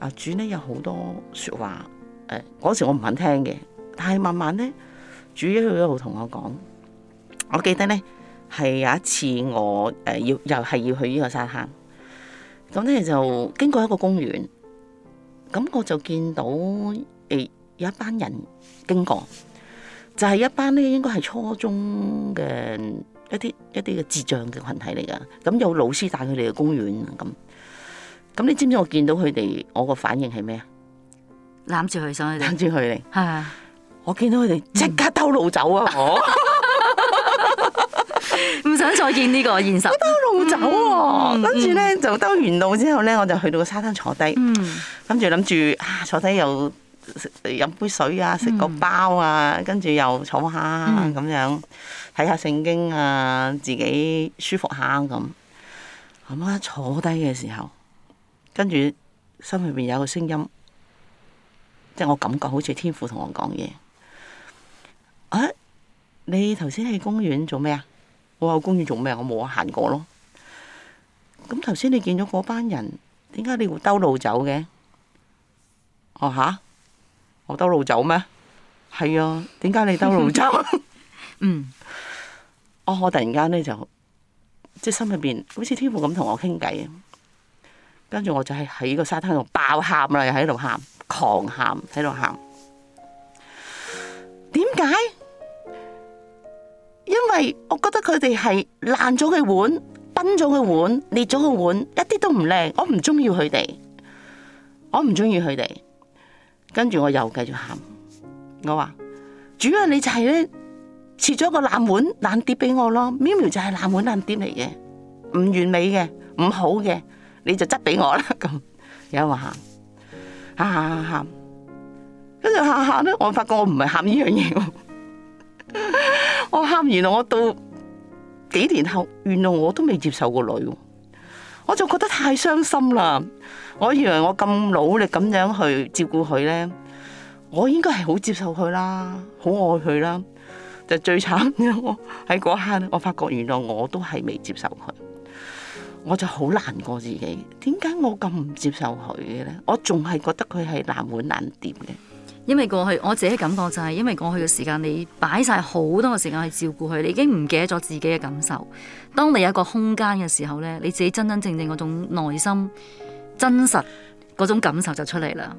啊主咧有好多說話。嗰、嗯、時我唔肯聽嘅，但係慢慢咧，主要佢一路同我講，我記得咧係有一次我誒要、呃、又係要去呢個沙坑。咁咧就經過一個公園，咁我就見到誒、欸、有一班人經過，就係、是、一班咧應該係初中嘅一啲一啲嘅智障嘅群體嚟㗎，咁有老師帶佢哋去公園咁，咁你知唔知我見到佢哋我個反應係咩啊？攬住佢上佢哋，攬住佢嚟。係，的我見到佢哋即刻兜路走啊！我 唔 想再見呢個現實。我兜路走，啊，跟住咧就兜完路之後咧，我就去到個沙灘坐低。嗯、跟住諗住啊，坐低又飲杯水啊，食個包啊，跟住又坐下咁，嗯、樣，睇下聖經啊，自己舒服下咁。咁啊，坐低嘅時候，跟住心入邊有個聲音。即係我感覺好似天父同我講嘢啊！你頭先喺公園做咩、嗯、啊？我話公園做咩啊？我冇行過咯。咁頭先你見咗嗰班人，點解你會兜路走嘅？哦吓！我兜路走咩？係啊，點解你兜路走？ 嗯，哦，我突然間咧就即係心入邊好似天父咁同我傾偈，跟住我就係喺個沙灘度爆喊啦，又喺度喊。狂喊喺度喊，點解？因為我覺得佢哋係爛咗嘅碗，崩咗嘅碗，裂咗嘅碗，一啲都唔靚，我唔中意佢哋，我唔中意佢哋。跟住我又繼續喊，我話：主要你就係咧，切咗個爛碗爛碟俾我咯，明明就係爛碗爛碟嚟嘅，唔完美嘅，唔好嘅，你就執俾我啦。咁有人喊？喊，跟住喊喊咧，我發覺我唔係喊呢樣嘢。 我喊，完，來我到幾年後，原來我都未接受個女，我就覺得太傷心啦。我以為我咁努力咁樣去照顧佢咧，我應該係好接受佢啦，好愛佢啦，就最慘。我喺嗰刻我發覺原來我都係未接受佢。我就好難過自己，點解我咁唔接受佢嘅咧？我仲係覺得佢係難攙難掂嘅。因為過去我自己嘅感覺就係，因為過去嘅時間你擺晒好多嘅時間去照顧佢，你已經唔記得咗自己嘅感受。當你有一個空間嘅時候咧，你自己真真正正嗰種內心真實嗰種感受就出嚟啦。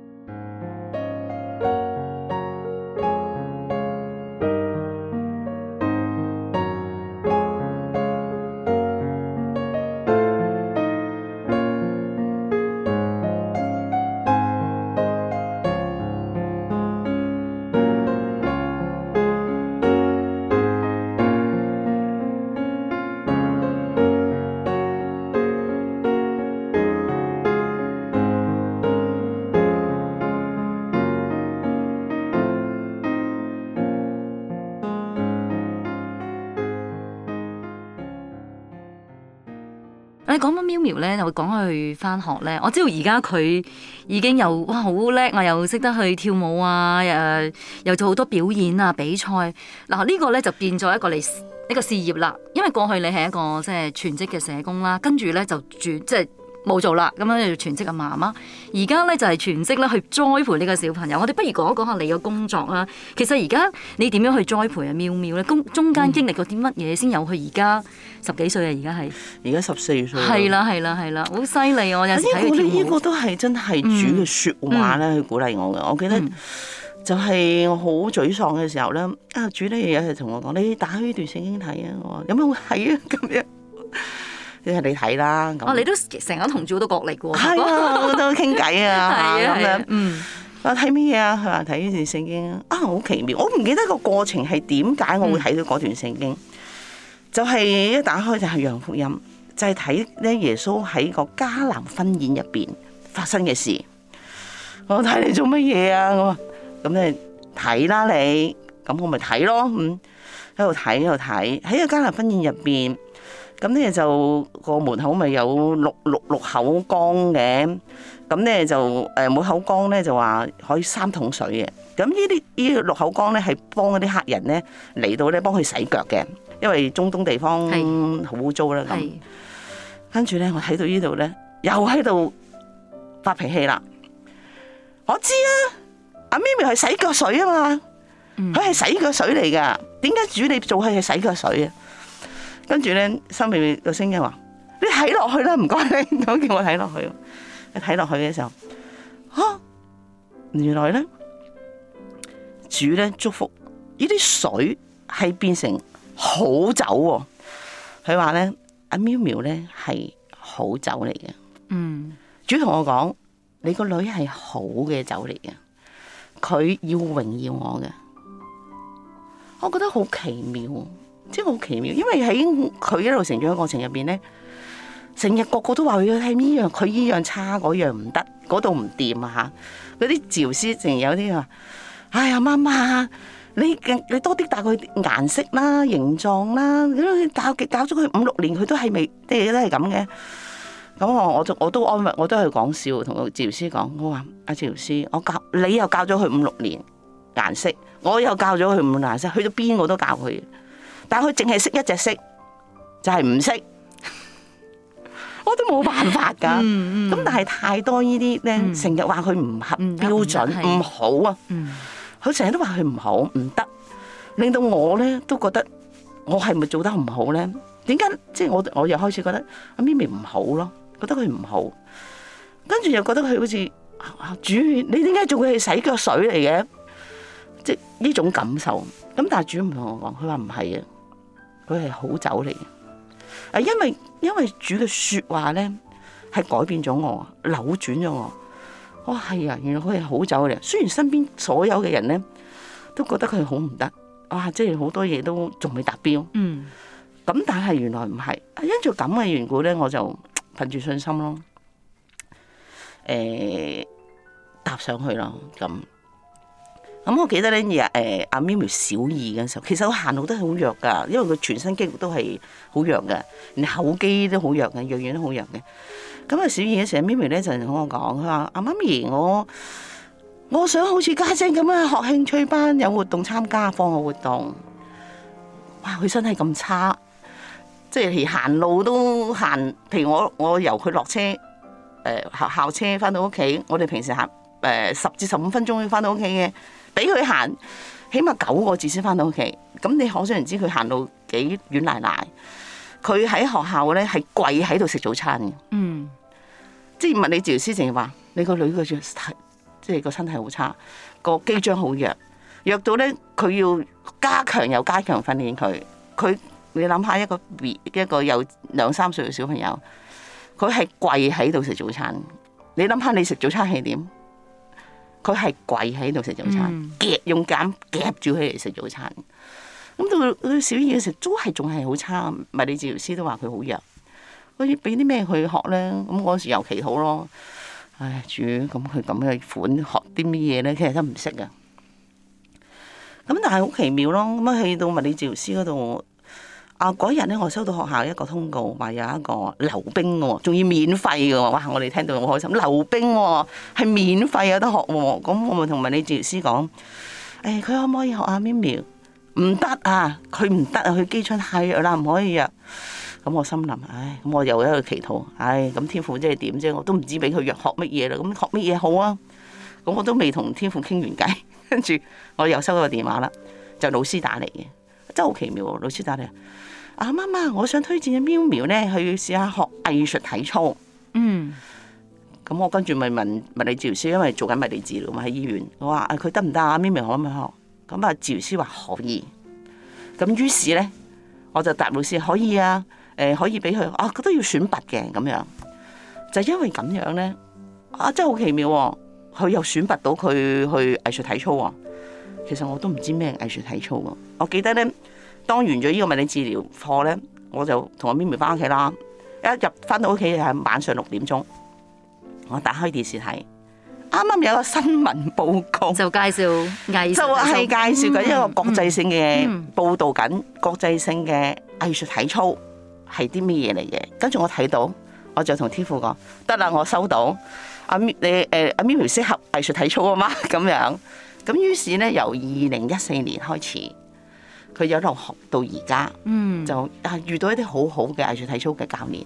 你講緊喵喵咧，又講佢翻學咧。我知道而家佢已經又哇好叻啊，又識得去跳舞啊，誒又，又做好多表演啊比賽。嗱、這個、呢個咧就變咗一個你一個事業啦。因為過去你係一個即係全職嘅社工啦、啊，跟住咧就轉即係。冇做啦，咁樣就全職嘅媽媽。而家咧就係、是、全職咧去，去栽培呢個小朋友。我哋不如講一講下你嘅工作啦。其實而家你點樣去栽培啊？妙妙咧，公中間經歷過啲乜嘢先有佢而家十幾歲啊？而家係而家十四歲。係啦係啦係啦，好犀利！我有時呢個都係真係主嘅説話咧去鼓勵我嘅。我記得就係我好沮喪嘅時候咧，嗯、啊主咧有時同我講：嗯、你打開呢段聖經睇啊！我話有咩好睇啊？咁樣。即係你睇啦咁。哦、啊，你都成日同住好多角力嘅喎。係啊，都傾偈啊，咁、 啊嗯、樣。嗯。我睇咩嘢啊？佢話睇呢段聖經。啊，好奇妙！我唔記得個過程係點解我會睇到嗰段聖經。嗯、就係一打開就係楊福音，就係睇呢耶穌喺個迦南婚宴入邊發生嘅事。我睇你做乜嘢啊？我話咁你睇啦你。咁我咪睇咯，嗯。喺度睇喺度睇，喺個迦南婚宴入邊。咁咧就個門口咪有六六六口缸嘅，咁咧就誒每口缸咧就話可以三桶水嘅。咁呢啲呢六口缸咧係幫嗰啲客人咧嚟到咧幫佢洗腳嘅，因為中東地方好污糟啦。咁跟住咧，我睇到呢度咧又喺度發脾氣啦。我知啊，阿咪咪係洗腳水啊嘛，佢係洗腳水嚟㗎，點解煮你做係洗腳水啊？跟住咧，心裏面個聲音話：，你睇落去啦，唔該，咁叫我睇落去。你睇落去嘅時候，吓、啊，原來咧，主咧祝福呢啲水係變成好酒，哦。佢話咧，阿、啊、喵喵咧係好酒嚟嘅。嗯，主同我講，你個女係好嘅酒嚟嘅，佢要榮耀我嘅。我覺得好奇妙。即係好奇妙，因為喺佢一路成長嘅過程入邊咧，成日個個都話佢係呢樣，佢呢樣差，嗰樣唔得，嗰度唔掂啊！嗰啲治療師成日有啲話：，哎呀，媽媽，你你多啲帶佢顏色啦、形狀啦。咁教教咗佢五六年，佢都係未，啲嘢都係咁嘅。咁、啊、我我就我都安慰，我都係講笑同個治療師講：，我話阿治療師，我教你又教咗佢五六年顏色，我又教咗佢五六年顏色，去到邊我都教佢。但佢淨係識一隻色，就係唔識，我都冇辦法㗎。咁但係太多呢啲咧，成日話佢唔合標準，唔好啊。佢成日都話佢唔好唔得，令到我咧都覺得我係咪做得唔好咧？點解即係我我又開始覺得阿 Mimi 唔好咯？覺得佢唔好，跟住又覺得佢好似啊，主，你點解做佢係洗腳水嚟嘅？即係呢種感受咁，但係主唔同我講，佢話唔係啊。佢係好走嚟嘅。啊，因為因為主嘅說話咧，係改變咗我，扭轉咗我，哇、哦，係啊，原來佢係好走嚟，雖然身邊所有嘅人咧都覺得佢好唔得，哇，即係好多嘢都仲未達標，嗯，咁但係原來唔係，因住咁嘅緣故咧，我就憑住信心咯，誒、欸，搭上去咯，咁。咁、啊、我記得呢日誒阿咪咪小二嘅時候，其實佢行路都係好弱噶，因為佢全身肌肉都係好弱嘅，連口肌都好弱嘅，樣樣都好弱嘅。咁啊，小二嘅時候，咪咪咧就同我講，佢話阿媽咪，我我想好似家姐咁樣，學興趣班，有活動參加，放學活動。哇！佢身體咁差，即係行路都行，譬如我我由佢落車，誒、呃、校校車翻到屋企，我哋平時行誒、呃、十至十五分鐘要翻到屋企嘅。俾佢行，起碼九個字先翻到屋企。咁你可想而知乃乃，佢行到幾遠奶奶？佢喺學校咧係跪喺度食早餐嘅。嗯，即係物理治療師，成日話你個女個著即係個身體好差，個肌張好弱，弱到咧佢要加強又加強訓練佢。佢你諗下一個一個有兩三歲嘅小朋友，佢係跪喺度食早餐。你諗下你食早餐係點？佢係跪喺度食早餐，夾用揀夾住佢嚟食早餐。咁到小二嘅時都係仲係好差。物理治療師都話佢好弱。好似俾啲咩佢學咧，咁嗰時又祈禱咯。唉，主，咁佢咁嘅款學啲咩嘢咧，其實都唔識嘅。咁但係好奇妙咯。咁啊去到物理治療師嗰度。啊！嗰日咧，我收到學校一個通告，話有一個溜冰喎，仲要免費噶喎！哇！我哋聽到好開心，溜冰喎，係免費啊，得學喎。咁我咪同埋治療師講，誒，佢可唔可以學阿 Mimi？唔得啊，佢唔得啊，佢、啊、基礎太弱啦，唔可以啊。咁我心諗，唉，咁我又喺度祈禱，唉，咁天父即係點啫？我都唔知俾佢學乜嘢啦。咁學乜嘢好啊？咁我都未同天父傾完偈，跟住我又收到個電話啦，就老師打嚟嘅。真係好奇妙，老師打你啊，阿媽媽，我想推薦阿喵喵咧去試下學藝術體操。嗯，咁我跟住咪問問物理治療師，因為做緊物理治療嘛喺醫院。我話啊，佢得唔得啊？喵喵可唔可以學？咁啊，治療師話可以。咁於是咧，我就答老師可以啊。誒、呃，可以俾佢啊，佢都要選拔嘅咁樣。就是、因為咁樣咧，啊，真係好奇妙喎、哦！佢又選拔到佢去藝術體操喎。其實我都唔知咩藝術體操。我記得咧，當完咗呢個物理治療課咧，我就同阿咪咪 m 翻屋企啦。一入翻到屋企係晚上六點鐘，我打開電視睇，啱啱有個新聞報告，就介紹藝就係介紹緊一個國際性嘅報道緊、嗯嗯嗯、國際性嘅藝術體操係啲咩嘢嚟嘅。跟住我睇到，我就同天父講得啦，我收到阿、啊啊、M 你誒阿咪咪適合藝術體操啊嘛，咁樣。咁於是咧，由二零一四年開始，佢有度學到而家，嗯、就啊遇到一啲好好嘅藝術體操嘅教練，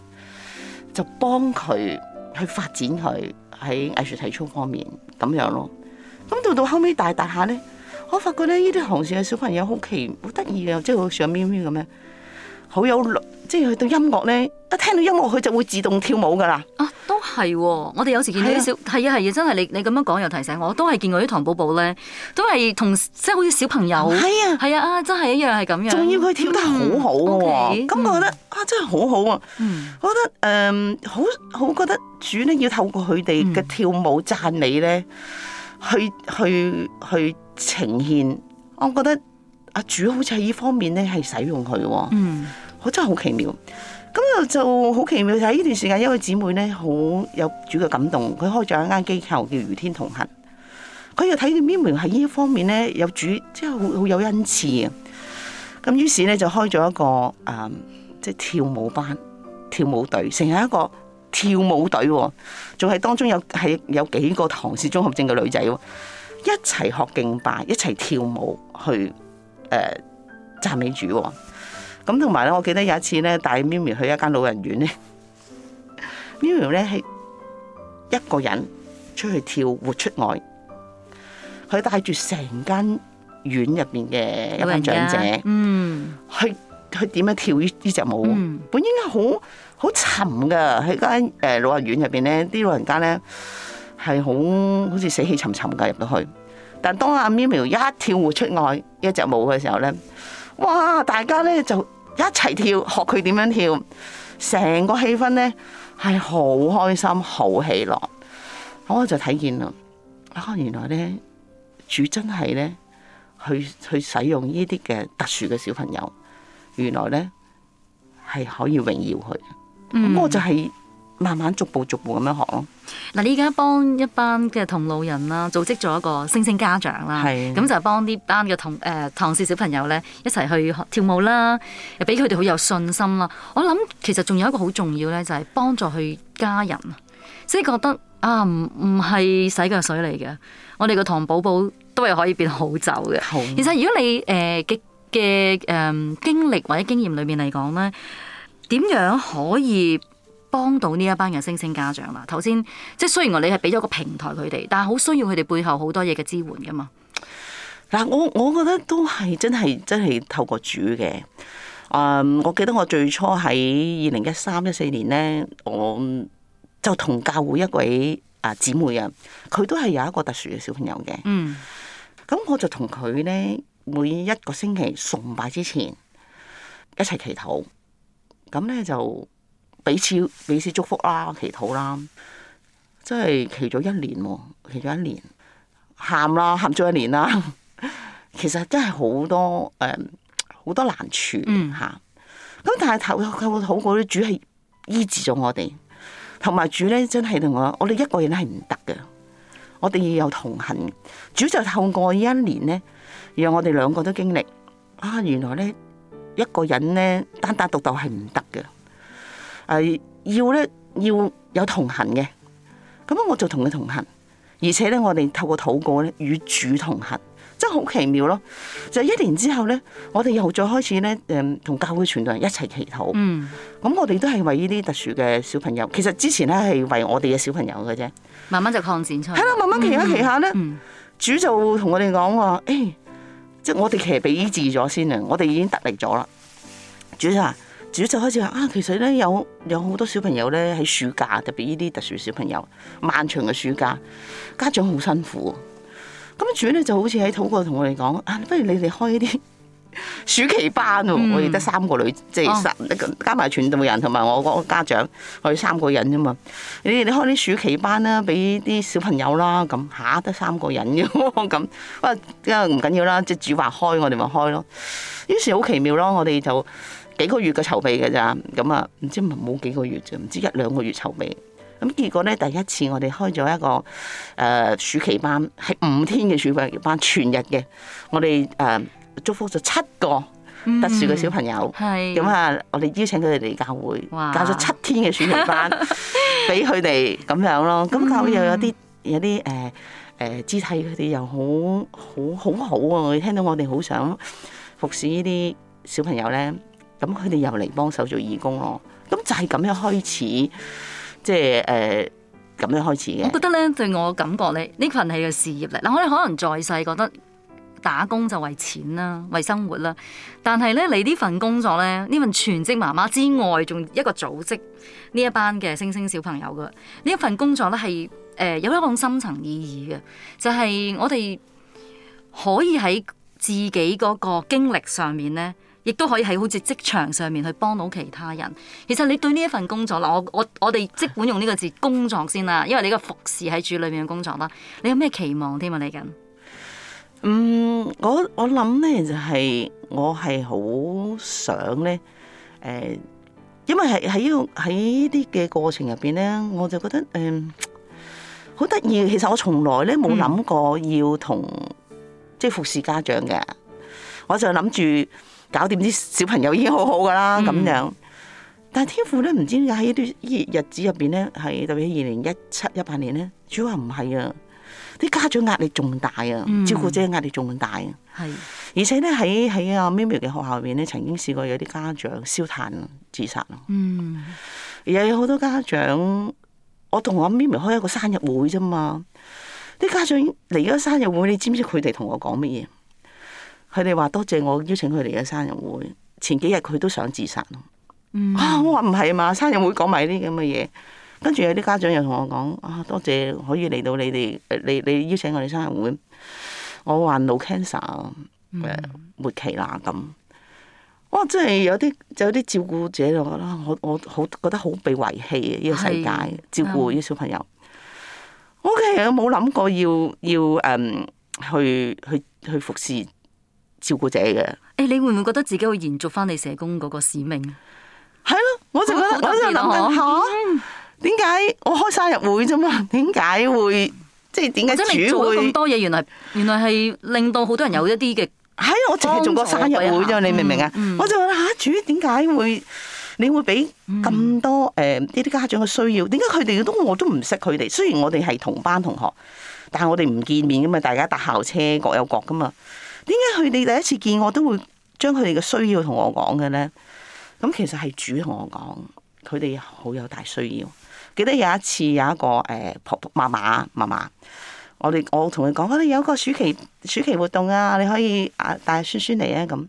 就幫佢去發展佢喺藝術體操方面咁樣咯。咁到到後尾大大下咧，我發覺咧呢啲行業嘅小朋友好奇、好得意啊，即係好上飄飄咁樣。好有，即係佢對音樂咧，一聽到音樂佢就會自動跳舞噶啦。啊，都係、啊，我哋有時見到啲小係啊係啊，啊，真係你你咁樣講又提醒我，都係見過啲唐寶寶咧，都係同即係、就是、好似小朋友係啊係啊，真係一樣係咁樣。仲要佢跳得好好、啊、喎，咁、嗯 okay, 嗯、我覺得、嗯、啊真係好好啊。嗯、我覺得誒、嗯、好好覺得主咧要透過佢哋嘅跳舞讚美咧，去去去，去呈現。嗯、我覺得阿主好似喺呢方面咧係使用佢。嗯。我真係好奇妙，咁就就好奇妙。睇呢段時間，一位姊妹咧好有主嘅感動，佢開咗一間機構叫如天同行。佢又睇見咪咪喺呢一方面咧有主，即係好好有恩賜啊！咁於是咧就開咗一個誒、嗯，即係跳舞班、跳舞隊，成日一個跳舞隊、哦，仲係當中有係有幾個唐氏綜合症嘅女仔、哦，一齊學敬拜，一齊跳舞去誒、呃、讚美主、哦。咁同埋咧，我記得有一次咧，帶 Mimi 去一間老人院咧，Mimi 咧係一個人出去跳活出愛，佢帶住成間院入邊嘅一班長者，嗯，去去點樣跳呢呢隻舞？嗯，本應該好好沉㗎喺間誒老人院入邊咧，啲老人家咧係好好似死氣沉沉㗎入到去。但當阿 Mimi 一跳活出愛一隻舞嘅時候咧，哇！大家咧就～一齊跳，學佢點樣跳，成個氣氛咧係好開心、好喜樂。我就睇見啦，啊原來咧主真係咧去去使用呢啲嘅特殊嘅小朋友，原來咧係可以榮耀佢。咁我就係、是。嗯慢慢逐步逐步咁樣學咯。嗱，你而家幫一班嘅同路人啦，組織咗一個星星家長啦，咁就幫啲班嘅同誒唐氏小朋友咧一齊去學跳舞啦，又俾佢哋好有信心啦。我諗其實仲有一個好重要咧，就係幫助佢家人，即係覺得啊，唔唔係洗腳水嚟嘅，我哋個唐寶寶都係可以變好走嘅。其實如果你誒嘅嘅誒經歷或者經驗裏面嚟講咧，點樣可以？幫到呢一班嘅星星家長啦，頭先即係雖然我你係俾咗個平台佢哋，但係好需要佢哋背後好多嘢嘅支援噶嘛。嗱，我我覺得都係真係真係透過主嘅。啊、um，我記得我最初喺二零一三一四年咧，我就同教會一位啊姊妹啊，佢都係有一個特殊嘅小朋友嘅。嗯，咁我就同佢咧，每一個星期崇拜之前一齊祈禱，咁咧就。彼此彼此祝福啦，祈禱啦，真係祈咗一年喎，祈咗一年，喊啦，喊咗一年啦。其實真係好多誒，好、嗯、多難處吓。咁但係透透過好過啲，主係醫治咗我哋，同埋主咧真係同我，我哋一個人係唔得嘅。我哋要有同行，主就透過呢一年咧，讓我哋兩個都經歷啊，原來咧一個人咧單單獨獨係唔得嘅。誒、啊、要咧要有同行嘅，咁我就同佢同行，而且咧我哋透過禱告咧與主同行，真係好奇妙咯！就是、一年之後咧，我哋又再開始咧誒同教會傳道人一齊祈禱，咁、嗯、我哋都係為呢啲特殊嘅小朋友。其實之前咧係為我哋嘅小朋友嘅啫，慢慢就擴展出嚟。係啦，慢慢祈下祈下咧，主就同我哋講話，誒，即係我哋祈俾醫治咗先啊！我哋已經得力咗啦，主啊！主就開始話啊，其實咧有有好多小朋友咧喺暑假，特別呢啲特殊小朋友漫長嘅暑假，家長好辛苦、啊。咁主咧就好似喺度同我哋講啊，不如你哋開啲暑期班、啊、我哋得三個女，即係三一加埋傳道人同埋我個家長，我哋三個人啫嘛。你哋你開啲暑期班啦、啊，俾啲小朋友啦。咁嚇得三個人嘅喎咁，哇， 唔緊要啦，即係主話開，我哋咪開咯。於是好奇妙咯、啊，我哋就。幾個月嘅籌備嘅咋咁啊？唔知咪冇幾個月啫，唔知一兩個月籌備咁。結果咧，第一次我哋開咗一個誒、呃、暑期班，係五天嘅暑期班，全日嘅。我哋誒、呃、祝福咗七個特殊嘅小朋友，咁啊、嗯，我哋邀請佢哋嚟教會哇教咗七天嘅暑期班，俾佢哋咁樣咯。咁教會又有啲有啲誒誒肢體，佢哋又好好好好啊！我聽到我哋好想服侍呢啲小朋友咧。咁佢哋又嚟幫手做義工咯，咁就係咁樣開始，即係誒咁樣開始嘅。我覺得咧，對我感覺咧，呢份係個事業嚟。嗱，我哋可能在世覺得打工就為錢啦，為生活啦，但係咧，你呢份工作咧，呢份全職媽媽之外，仲一個組織呢一班嘅星星小朋友嘅呢一份工作咧，係誒、呃、有一種深層意義嘅，就係、是、我哋可以喺自己嗰個經歷上面咧。亦都可以喺好似職場上面去幫到其他人。其實你對呢一份工作嗱，我我我哋即管用呢個字工作先啦，因為你個服侍喺住裏面嘅工作啦。你有咩期望添啊？你緊，嗯，我我諗咧就係、是、我係好想咧，誒、呃，因為係喺喺呢啲嘅過程入邊咧，我就覺得誒好得意。其實我從來咧冇諗過要同、嗯、即係服侍家長嘅，我就諗住。搞掂啲小朋友已經好好噶啦，咁、嗯、樣。但係天父咧，唔知點解喺啲日子入邊咧，喺特別二零一七一八年咧，主要話唔係啊，啲家長壓力仲大啊，照顧者壓力仲大啊。係是，而且咧喺喺阿 Mimi 嘅學校入邊咧，曾經試過有啲家長燒炭自殺咯、啊。嗯，又有好多家長，我同阿 Mimi 開一個生日會啫嘛，啲家長嚟咗生日會，你知唔知佢哋同我講乜嘢？佢哋話多謝我邀請佢嚟嘅生日會。前幾日佢都想自殺咯、嗯啊，我話唔係啊嘛，生日會講埋啲咁嘅嘢。跟住有啲家長又同我講啊，多謝可以嚟到你哋，你你，你邀請我哋生日會。我患腦 cancer 末期啦，咁、嗯、哇，真係有啲有啲照顧者就覺得我我好覺得好被遺棄嘅呢、呢個世界，的照顧啲小朋友，我其實有冇諗過要要誒去去去，去，去，去服侍。照顧者嘅，誒、欸，你會唔會覺得自己會延續翻你社工嗰個使命？係咯， 我就覺得，我就諗緊下，啊，點解我開生日會啫嘛？點解會即係點解主會咁多嘢？原來原來係令到好多人有一啲嘅，係我淨係做過生日會啫，你明唔明啊？我就覺得，吓主，點解會你會俾咁多誒呢啲家長嘅需要？點解佢哋都我都唔識佢哋？雖然我哋係同班同學，但係我哋唔見面噶嘛，大家搭校車，各有各噶嘛。點解佢哋第一次見我都會將佢哋嘅需要同我講嘅咧？咁其實係主同我講，佢哋好有大需要。記得有一次有一個誒婆婆嫲嫲嫲嫲，我哋我同佢講，我有一個暑期暑期活動啊，你可以啊帶孫孫嚟啊咁。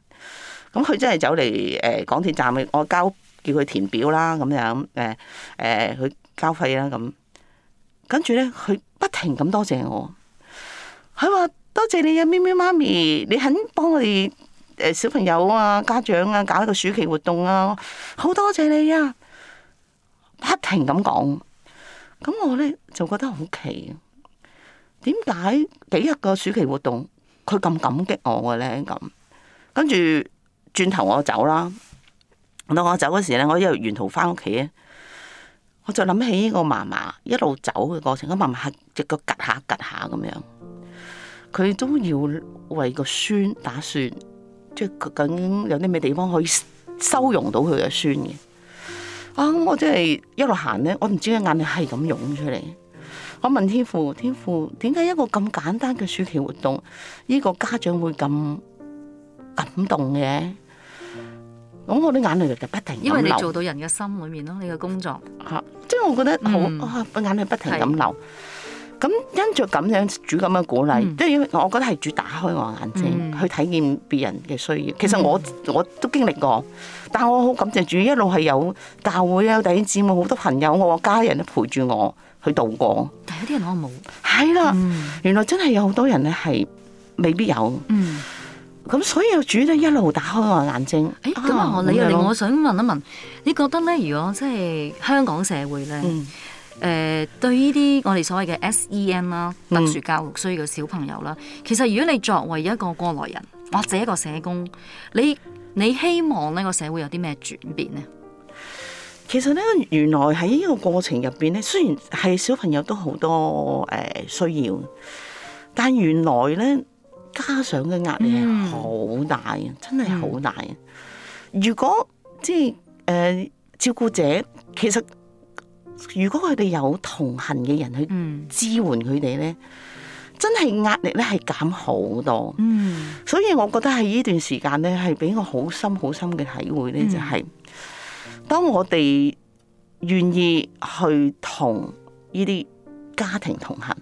咁佢真係走嚟誒港鐵站，我交叫佢填表啦，咁樣誒誒佢交費啦咁。跟住咧，佢不停咁多謝我，佢話。多謝你啊，咪咪媽咪，你肯幫我哋誒小朋友啊，家長啊搞一個暑期活動啊，好多謝你啊！不停咁講，咁我咧就覺得好奇啊，點解幾日個暑期活動佢咁感激我嘅咧？咁跟住轉頭我走啦，到我走嗰時咧，我一路沿途翻屋企，我就諗起呢個嫲嫲一路走嘅過程，個嫲嫲係隻腳趌下趌下咁樣。佢都要為個孫打算，即係佢究竟有啲咩地方可以收容到佢嘅孫嘅？啊！我真係一路行咧，我唔知個眼淚係咁湧出嚟。我問天父，天父點解一個咁簡單嘅暑期活動，呢、這個家長會咁感動嘅？咁、啊、我啲眼淚就不停流。因為你做到人嘅心裏面咯，你嘅工作嚇、啊，即係我覺得好、嗯啊、眼淚不停咁流。咁因着咁樣主咁樣鼓勵，即係我覺得係主打開我眼睛，去睇見別人嘅需要。其實我我都經歷過，但我好感謝主，一路係有教會啊、弟兄姊妹、好多朋友、我個家人都陪住我去度過。但有啲人我冇，係啦，原來真係有好多人咧係未必有。嗯，咁所以主咧一路打開我眼睛。誒，咁我你我想問一問，你覺得咧？如果即係香港社會咧？誒、呃、對呢啲我哋所謂嘅 SEN 啦，特殊教育需要嘅小朋友啦，嗯、其實如果你作為一個過來人或者一個社工，你你希望呢個社會有啲咩轉變呢？其實呢，原來喺呢個過程入邊咧，雖然係小朋友都好多誒、呃、需要，但原來呢，家長嘅壓力係好大嘅，嗯、真係好大。嗯、如果即係、呃、照顧者，其實。如果佢哋有同行嘅人去支援佢哋咧，嗯、真係壓力咧係減好多。嗯、所以我覺得喺呢段時間咧，係俾我好深、好深嘅體會咧、就是，就係、嗯、當我哋願意去同呢啲家庭同行，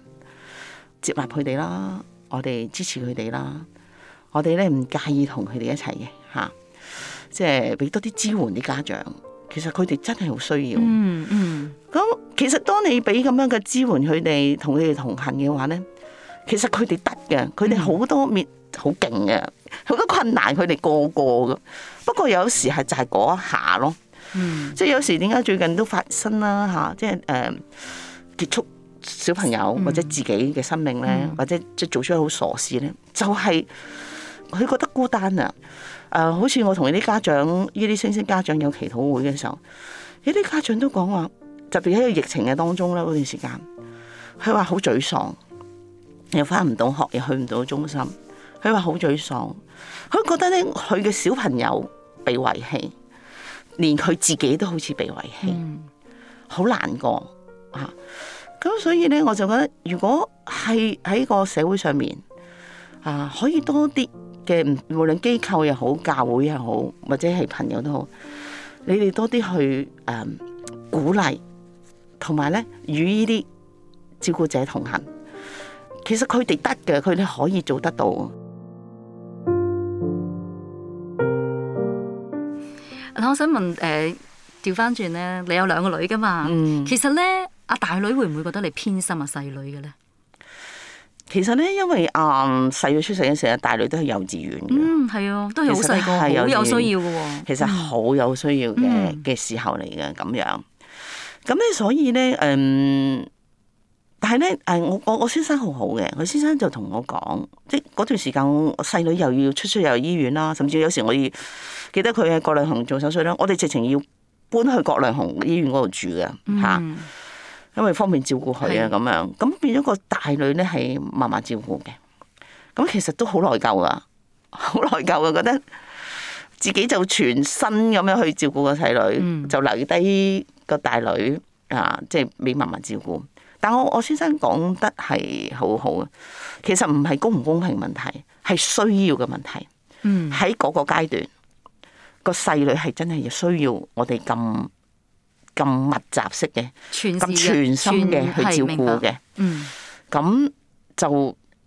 接納佢哋啦，我哋支持佢哋啦，我哋咧唔介意同佢哋一齊嘅吓，即係俾多啲支援啲家長。其實佢哋真係好需要。嗯嗯。咁其實，當你俾咁樣嘅支援佢哋，同佢哋同行嘅話咧，其實佢哋得嘅，佢哋好多面好勁嘅，好多困難佢哋個個嘅。不過有時係就係嗰一下咯，嗯、即係有時點解最近都發生啦嚇，即係誒、呃、結束小朋友或者自己嘅生命咧，嗯、或者即係做出好傻事咧，嗯、就係、係、佢覺得孤單啊。誒、呃，好似我同一啲家長呢啲星星家長有祈禱會嘅時候，有啲家長都講話。特別喺個疫情嘅當中咧，嗰段時間，佢話好沮喪，又返唔到學，又去唔到中心，佢話好沮喪，佢覺得咧，佢嘅小朋友被遺棄，連佢自己都好似被遺棄，好、嗯、難過啊！咁所以咧，我就覺得，如果係喺個社會上面啊，可以多啲嘅，無論機構又好，教會又好，或者係朋友都好，你哋多啲去誒、嗯、鼓勵。同埋咧，與呢啲照顧者同行，其實佢哋得嘅，佢哋可以做得到。我想問誒，調翻轉咧，你有兩個女噶嘛？嗯、其實咧，阿大女會唔會覺得你偏心阿細女嘅咧？其實咧，因為啊，細、嗯、女出世嘅時候，大女都係幼稚園嘅。嗯，係啊，都係好細個，好有需要嘅喎、哦。嗯、其實好有需要嘅嘅時候嚟嘅咁樣。咁咧，所以咧，嗯，但係咧，誒，我我我先生好好嘅，佢先生就同我講，即嗰段時間，我細女又要出又要出入入醫院啦，甚至有時我要記得佢喺葛量洪做手術啦。我哋直情要搬去葛量洪醫院嗰度住嘅，嚇、嗯啊，因為方便照顧佢啊咁樣，咁變咗個大女咧係嫲嫲照顧嘅，咁其實都好內疚啊，好內疚啊覺得。自己就全身咁樣去照顧個細女，嗯、就留低個大女啊，即係俾嫲嫲照顧。但係我我先生講得係好好啊，其實唔係公唔公平問題，係需要嘅問題。喺嗰、嗯、個階段，個細女係真係要需要我哋咁咁密集式嘅，咁全心是嘅去照顧嘅。嗯，咁就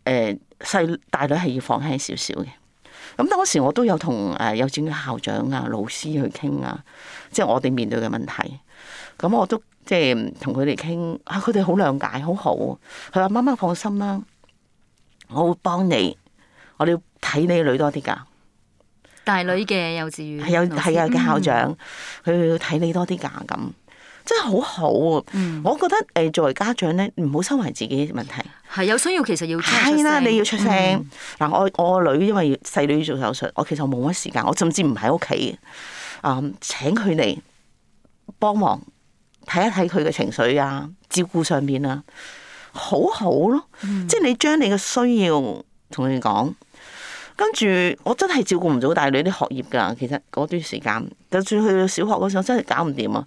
誒細、呃、大女係要放輕少少嘅。咁嗰時我都有同誒幼稚園校長啊老師去傾啊，即係我哋面對嘅問題。咁我都即係同佢哋傾，啊佢哋好諒解，好好。佢話媽媽放心啦，我會幫你，我哋要睇你女多啲噶。大女嘅幼稚園係、啊、有係啊嘅校長，佢要睇你多啲噶咁。真係好好啊。嗯、我覺得誒作為家長咧，唔好收埋自己問題。係有需要，其實要係啦、啊，你要出聲。嗱、嗯，我我個女因為細女要做手術，我其實冇乜時間，我甚至唔喺屋企啊，請佢哋幫忙睇一睇佢嘅情緒啊，照顧上邊啊，好好咯、啊。嗯、即係你將你嘅需要同佢講。跟住我真係照顧唔到大女啲學業㗎。其實嗰段時間，就算去到小學嗰時候，我真係搞唔掂啊。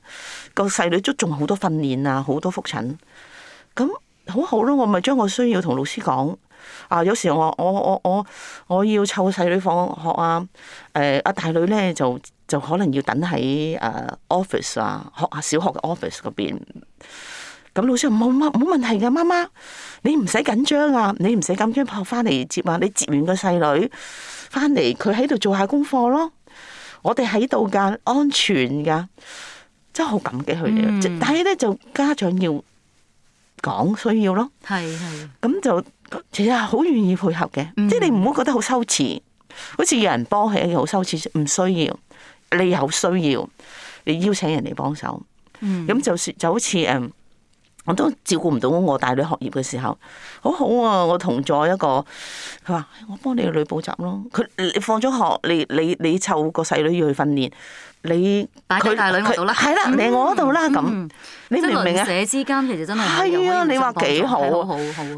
個細女都仲好多訓練啊，好多覆診咁，好好咯。我咪將我需要同老師講啊。有時我我我我我要湊細女放學啊。誒阿大女呢就就可能要等喺誒 office 啊，學下小學嘅 office 嗰邊。咁老師話冇乜冇問題㗎，媽媽，你唔使緊張啊，你唔使緊張，拍翻嚟接啊，你接完個細女翻嚟，佢喺度做下功課咯。我哋喺度㗎，安全㗎，真係好感激佢哋。嗯、但係咧，就家長要講需要咯，係係。咁就其實好願意配合嘅，嗯、即係你唔好覺得好羞恥，好似有人幫係一個好羞恥，唔需要。你有需要，你邀請人嚟幫手。咁就是就好似誒。嗯我都照顧唔到我大女學業嘅時候，好好啊！我同咗一個，佢話：我幫你個女補習咯。佢你放咗學，你你你湊個細女要去訓練，你佢佢係啦嚟我嗰度啦咁。你明唔明啊？社之間其實真係係啊！你話幾好，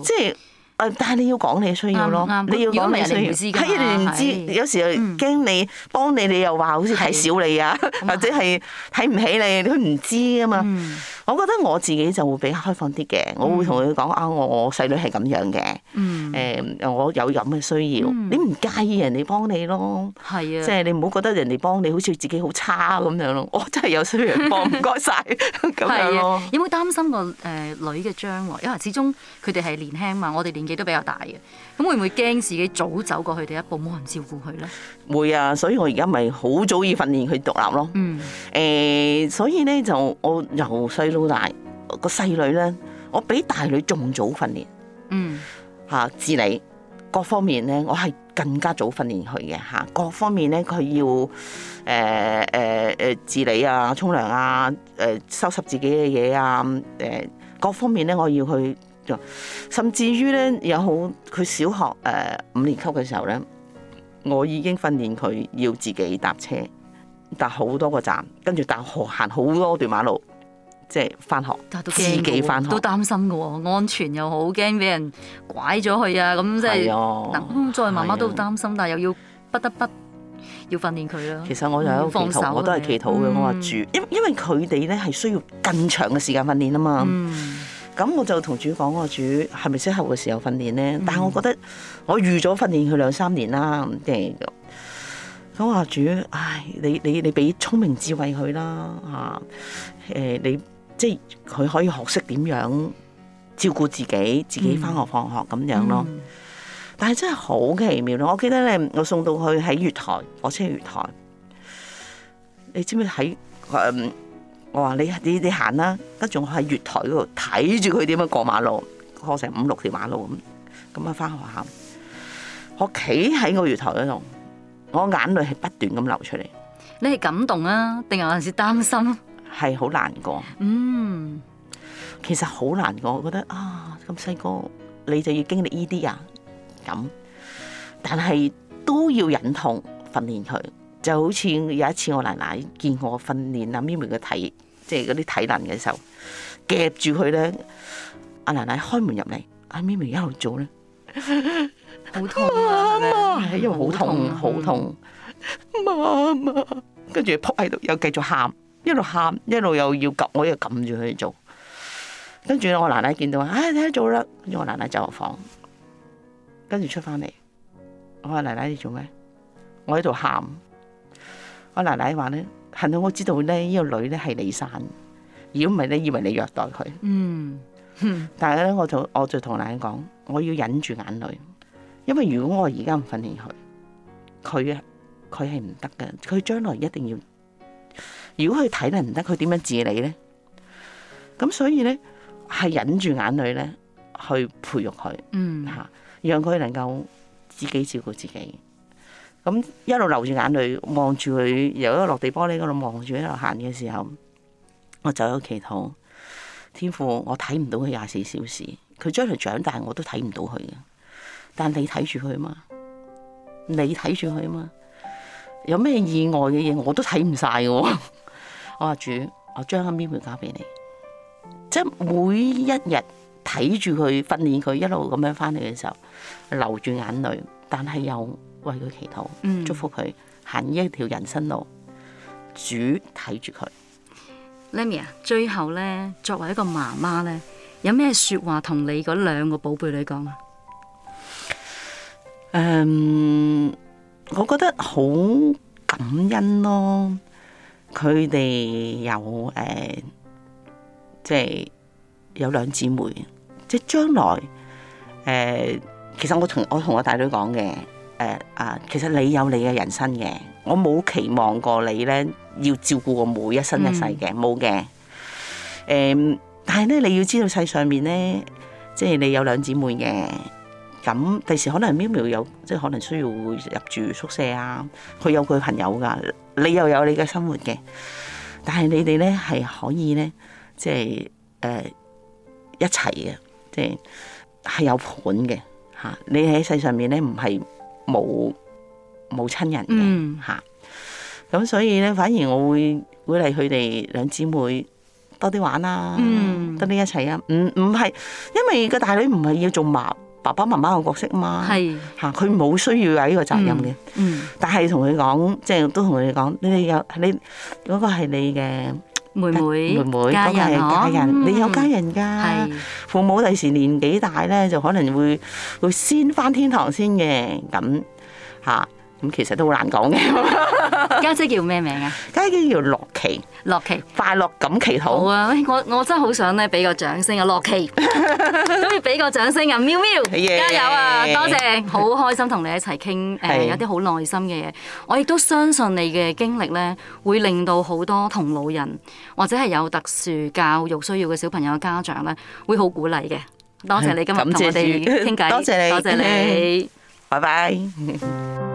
即係誒，但係你要講你需要咯，你要講你需要。嚇人唔知，有時又驚你幫你，你又話好似睇小你啊，或者係睇唔起你，你佢唔知㗎嘛。我覺得我自己就會比較開放啲嘅，我會同佢講啊，我細女係咁樣嘅，誒、嗯呃，我有咁嘅需要，嗯、你唔介意人哋幫你咯，即係、啊、你唔好覺得人哋幫你好似自己好差咁樣咯。我真係有需要人幫，唔該晒。咁、 啊、樣咯。啊、有冇擔心個誒、呃、女嘅將來？因為始終佢哋係年輕嘛，我哋年紀都比較大嘅。咁會唔會驚自己早走過去第一步冇人照顧佢咧？會啊，所以我而家咪好早已訓練佢獨立咯。嗯。誒、欸，所以咧就我由細到大個細女咧，我比大女仲早訓練。嗯、啊。嚇，自理各方面咧，我係更加早訓練佢嘅嚇。各方面咧，佢要誒誒誒自理啊，沖涼啊，誒、呃、收拾自己嘅嘢啊，誒、呃、各方面咧，我要去。甚至於咧有好，佢小學誒、呃、五年級嘅時候咧，我已經訓練佢要自己搭車，搭好多個站，跟住搭河行好多段馬路，即係翻學。自己翻學，都擔心嘅喎，安全又好驚俾人拐咗去、就是、啊！咁即係，作為媽媽都擔心，啊、但係又要不得不要訓練佢啦。嗯、其實我又喺屋企我都係祈禱嘅。我話住，因、嗯、因為佢哋咧係需要更長嘅時間訓練啊嘛。嗯咁我就同主講個主係咪適合嘅時候訓練咧？但係我覺得、嗯、我預咗訓練佢兩三年啦，咁誒，佢話主，唉，你你你俾聰明智慧佢啦嚇，誒、啊呃、你即係佢可以學識點樣照顧自己，自己返學放學咁、嗯、樣咯。但係真係好奇妙咯！我記得咧，我送到佢喺月台，火車月台，你知唔知喺誒？我話你你你行啦，跟住我喺月台嗰度睇住佢點樣過馬路，過成五六條馬路咁，咁啊翻學校，我企喺個月台嗰度，我眼淚係不斷咁流出嚟。你係感動啊，定有陣時擔心、啊？係好難過。嗯，mm. 其實好難過。我覺得啊咁細個你就要經歷呢啲啊咁，但係都要忍痛訓練佢，就好似有一次我奶奶見我訓練阿咪咪嘅體。想一想一想一想一想即係嗰啲體能嘅時候，夾住佢咧，阿奶奶開門入嚟，阿咪咪一路做咧，好痛啊！因為好痛，好痛，媽媽。跟住仆喺度，又繼續喊，一路喊，一路又要撳，我又撳住佢做。跟住我奶奶見到，唉，你做啦。跟住我奶奶走入房，跟住出翻嚟，我話奶奶你做咩？我喺度喊，我奶奶話咧。幸好我知道咧，呢個女咧，係你生。如果唔係咧，以為你虐待佢。嗯， 但係咧，我就我就同男人講，我要忍住眼淚，因為如果我而家唔訓練佢，佢佢係唔得嘅。佢將來一定要，如果佢體能唔得，佢點樣自理咧？咁所以咧，係忍住眼淚咧，去培育佢，嗯吓，讓佢能夠自己照顧自己。咁一路流住眼淚望住佢，由一個落地玻璃嗰度望住喺度行嘅時候，我就有祈禱。天父，我睇唔到佢廿四小時，佢將來長大我都睇唔到佢嘅。但你睇住佢啊嘛，你睇住佢啊嘛，有咩意外嘅嘢我都睇唔晒。嘅。 我話主，我將阿咪會交俾你。即係每一日睇住佢訓練佢一路咁樣翻嚟嘅時候，流住眼淚，但係又為佢祈禱，嗯、祝福佢行一條人生路。主睇住佢。Lamy 啊，最後咧，作為一個媽媽咧，有咩說話同你嗰兩個寶貝女講啊？誒，um, 我覺得好感恩咯。佢哋有誒，uh, 即係有兩姊妹，即係將來誒。Uh, 其實我同我同我大女講嘅。誒啊、呃！其實你有你嘅人生嘅，我冇期望過你咧要照顧我每一生一世嘅，冇嘅、嗯。誒、呃，但係咧你要知道世上面咧，即係你有兩姊妹嘅，咁第時可能喵喵有即係可能需要入住宿舍啊，佢有佢朋友噶，你又有你嘅生活嘅，但係你哋咧係可以咧，即係誒、呃、一齊嘅，即係係有盤嘅嚇、啊。你喺世上面咧唔係。冇冇親人嘅吓，咁、嗯啊、所以咧反而我會會嚟佢哋兩姊妹多啲玩啦，多啲一齊啊！唔唔係，因為個大女唔係要做媽爸爸媽媽個角色啊嘛，係吓佢冇需要有呢個責任嘅，嗯嗯、但係同佢講，即係都同佢哋講，你哋有你、嗰個係你嘅。妹妹，啊、妹妹，咁係家人，家人嗯、你有家人噶，嗯、父母第時年紀大咧，是就可能會會先返天堂先嘅，咁嚇。啊咁其實都好難講嘅。家姐叫咩名啊？家姐，姐叫樂奇，奇。樂奇。快樂咁祈禱。好啊，我我真係好想咧俾個掌聲啊，樂奇。都要俾個掌聲啊，喵喵。加油啊，耶 多謝。好開心同你一齊傾誒，有啲好耐心嘅嘢。我亦都相信你嘅經歷咧，會令到好多同老人或者係有特殊教育需要嘅小朋友嘅家長咧，會好鼓勵嘅。多謝你今日同我哋傾偈。多謝你，多謝你。拜拜。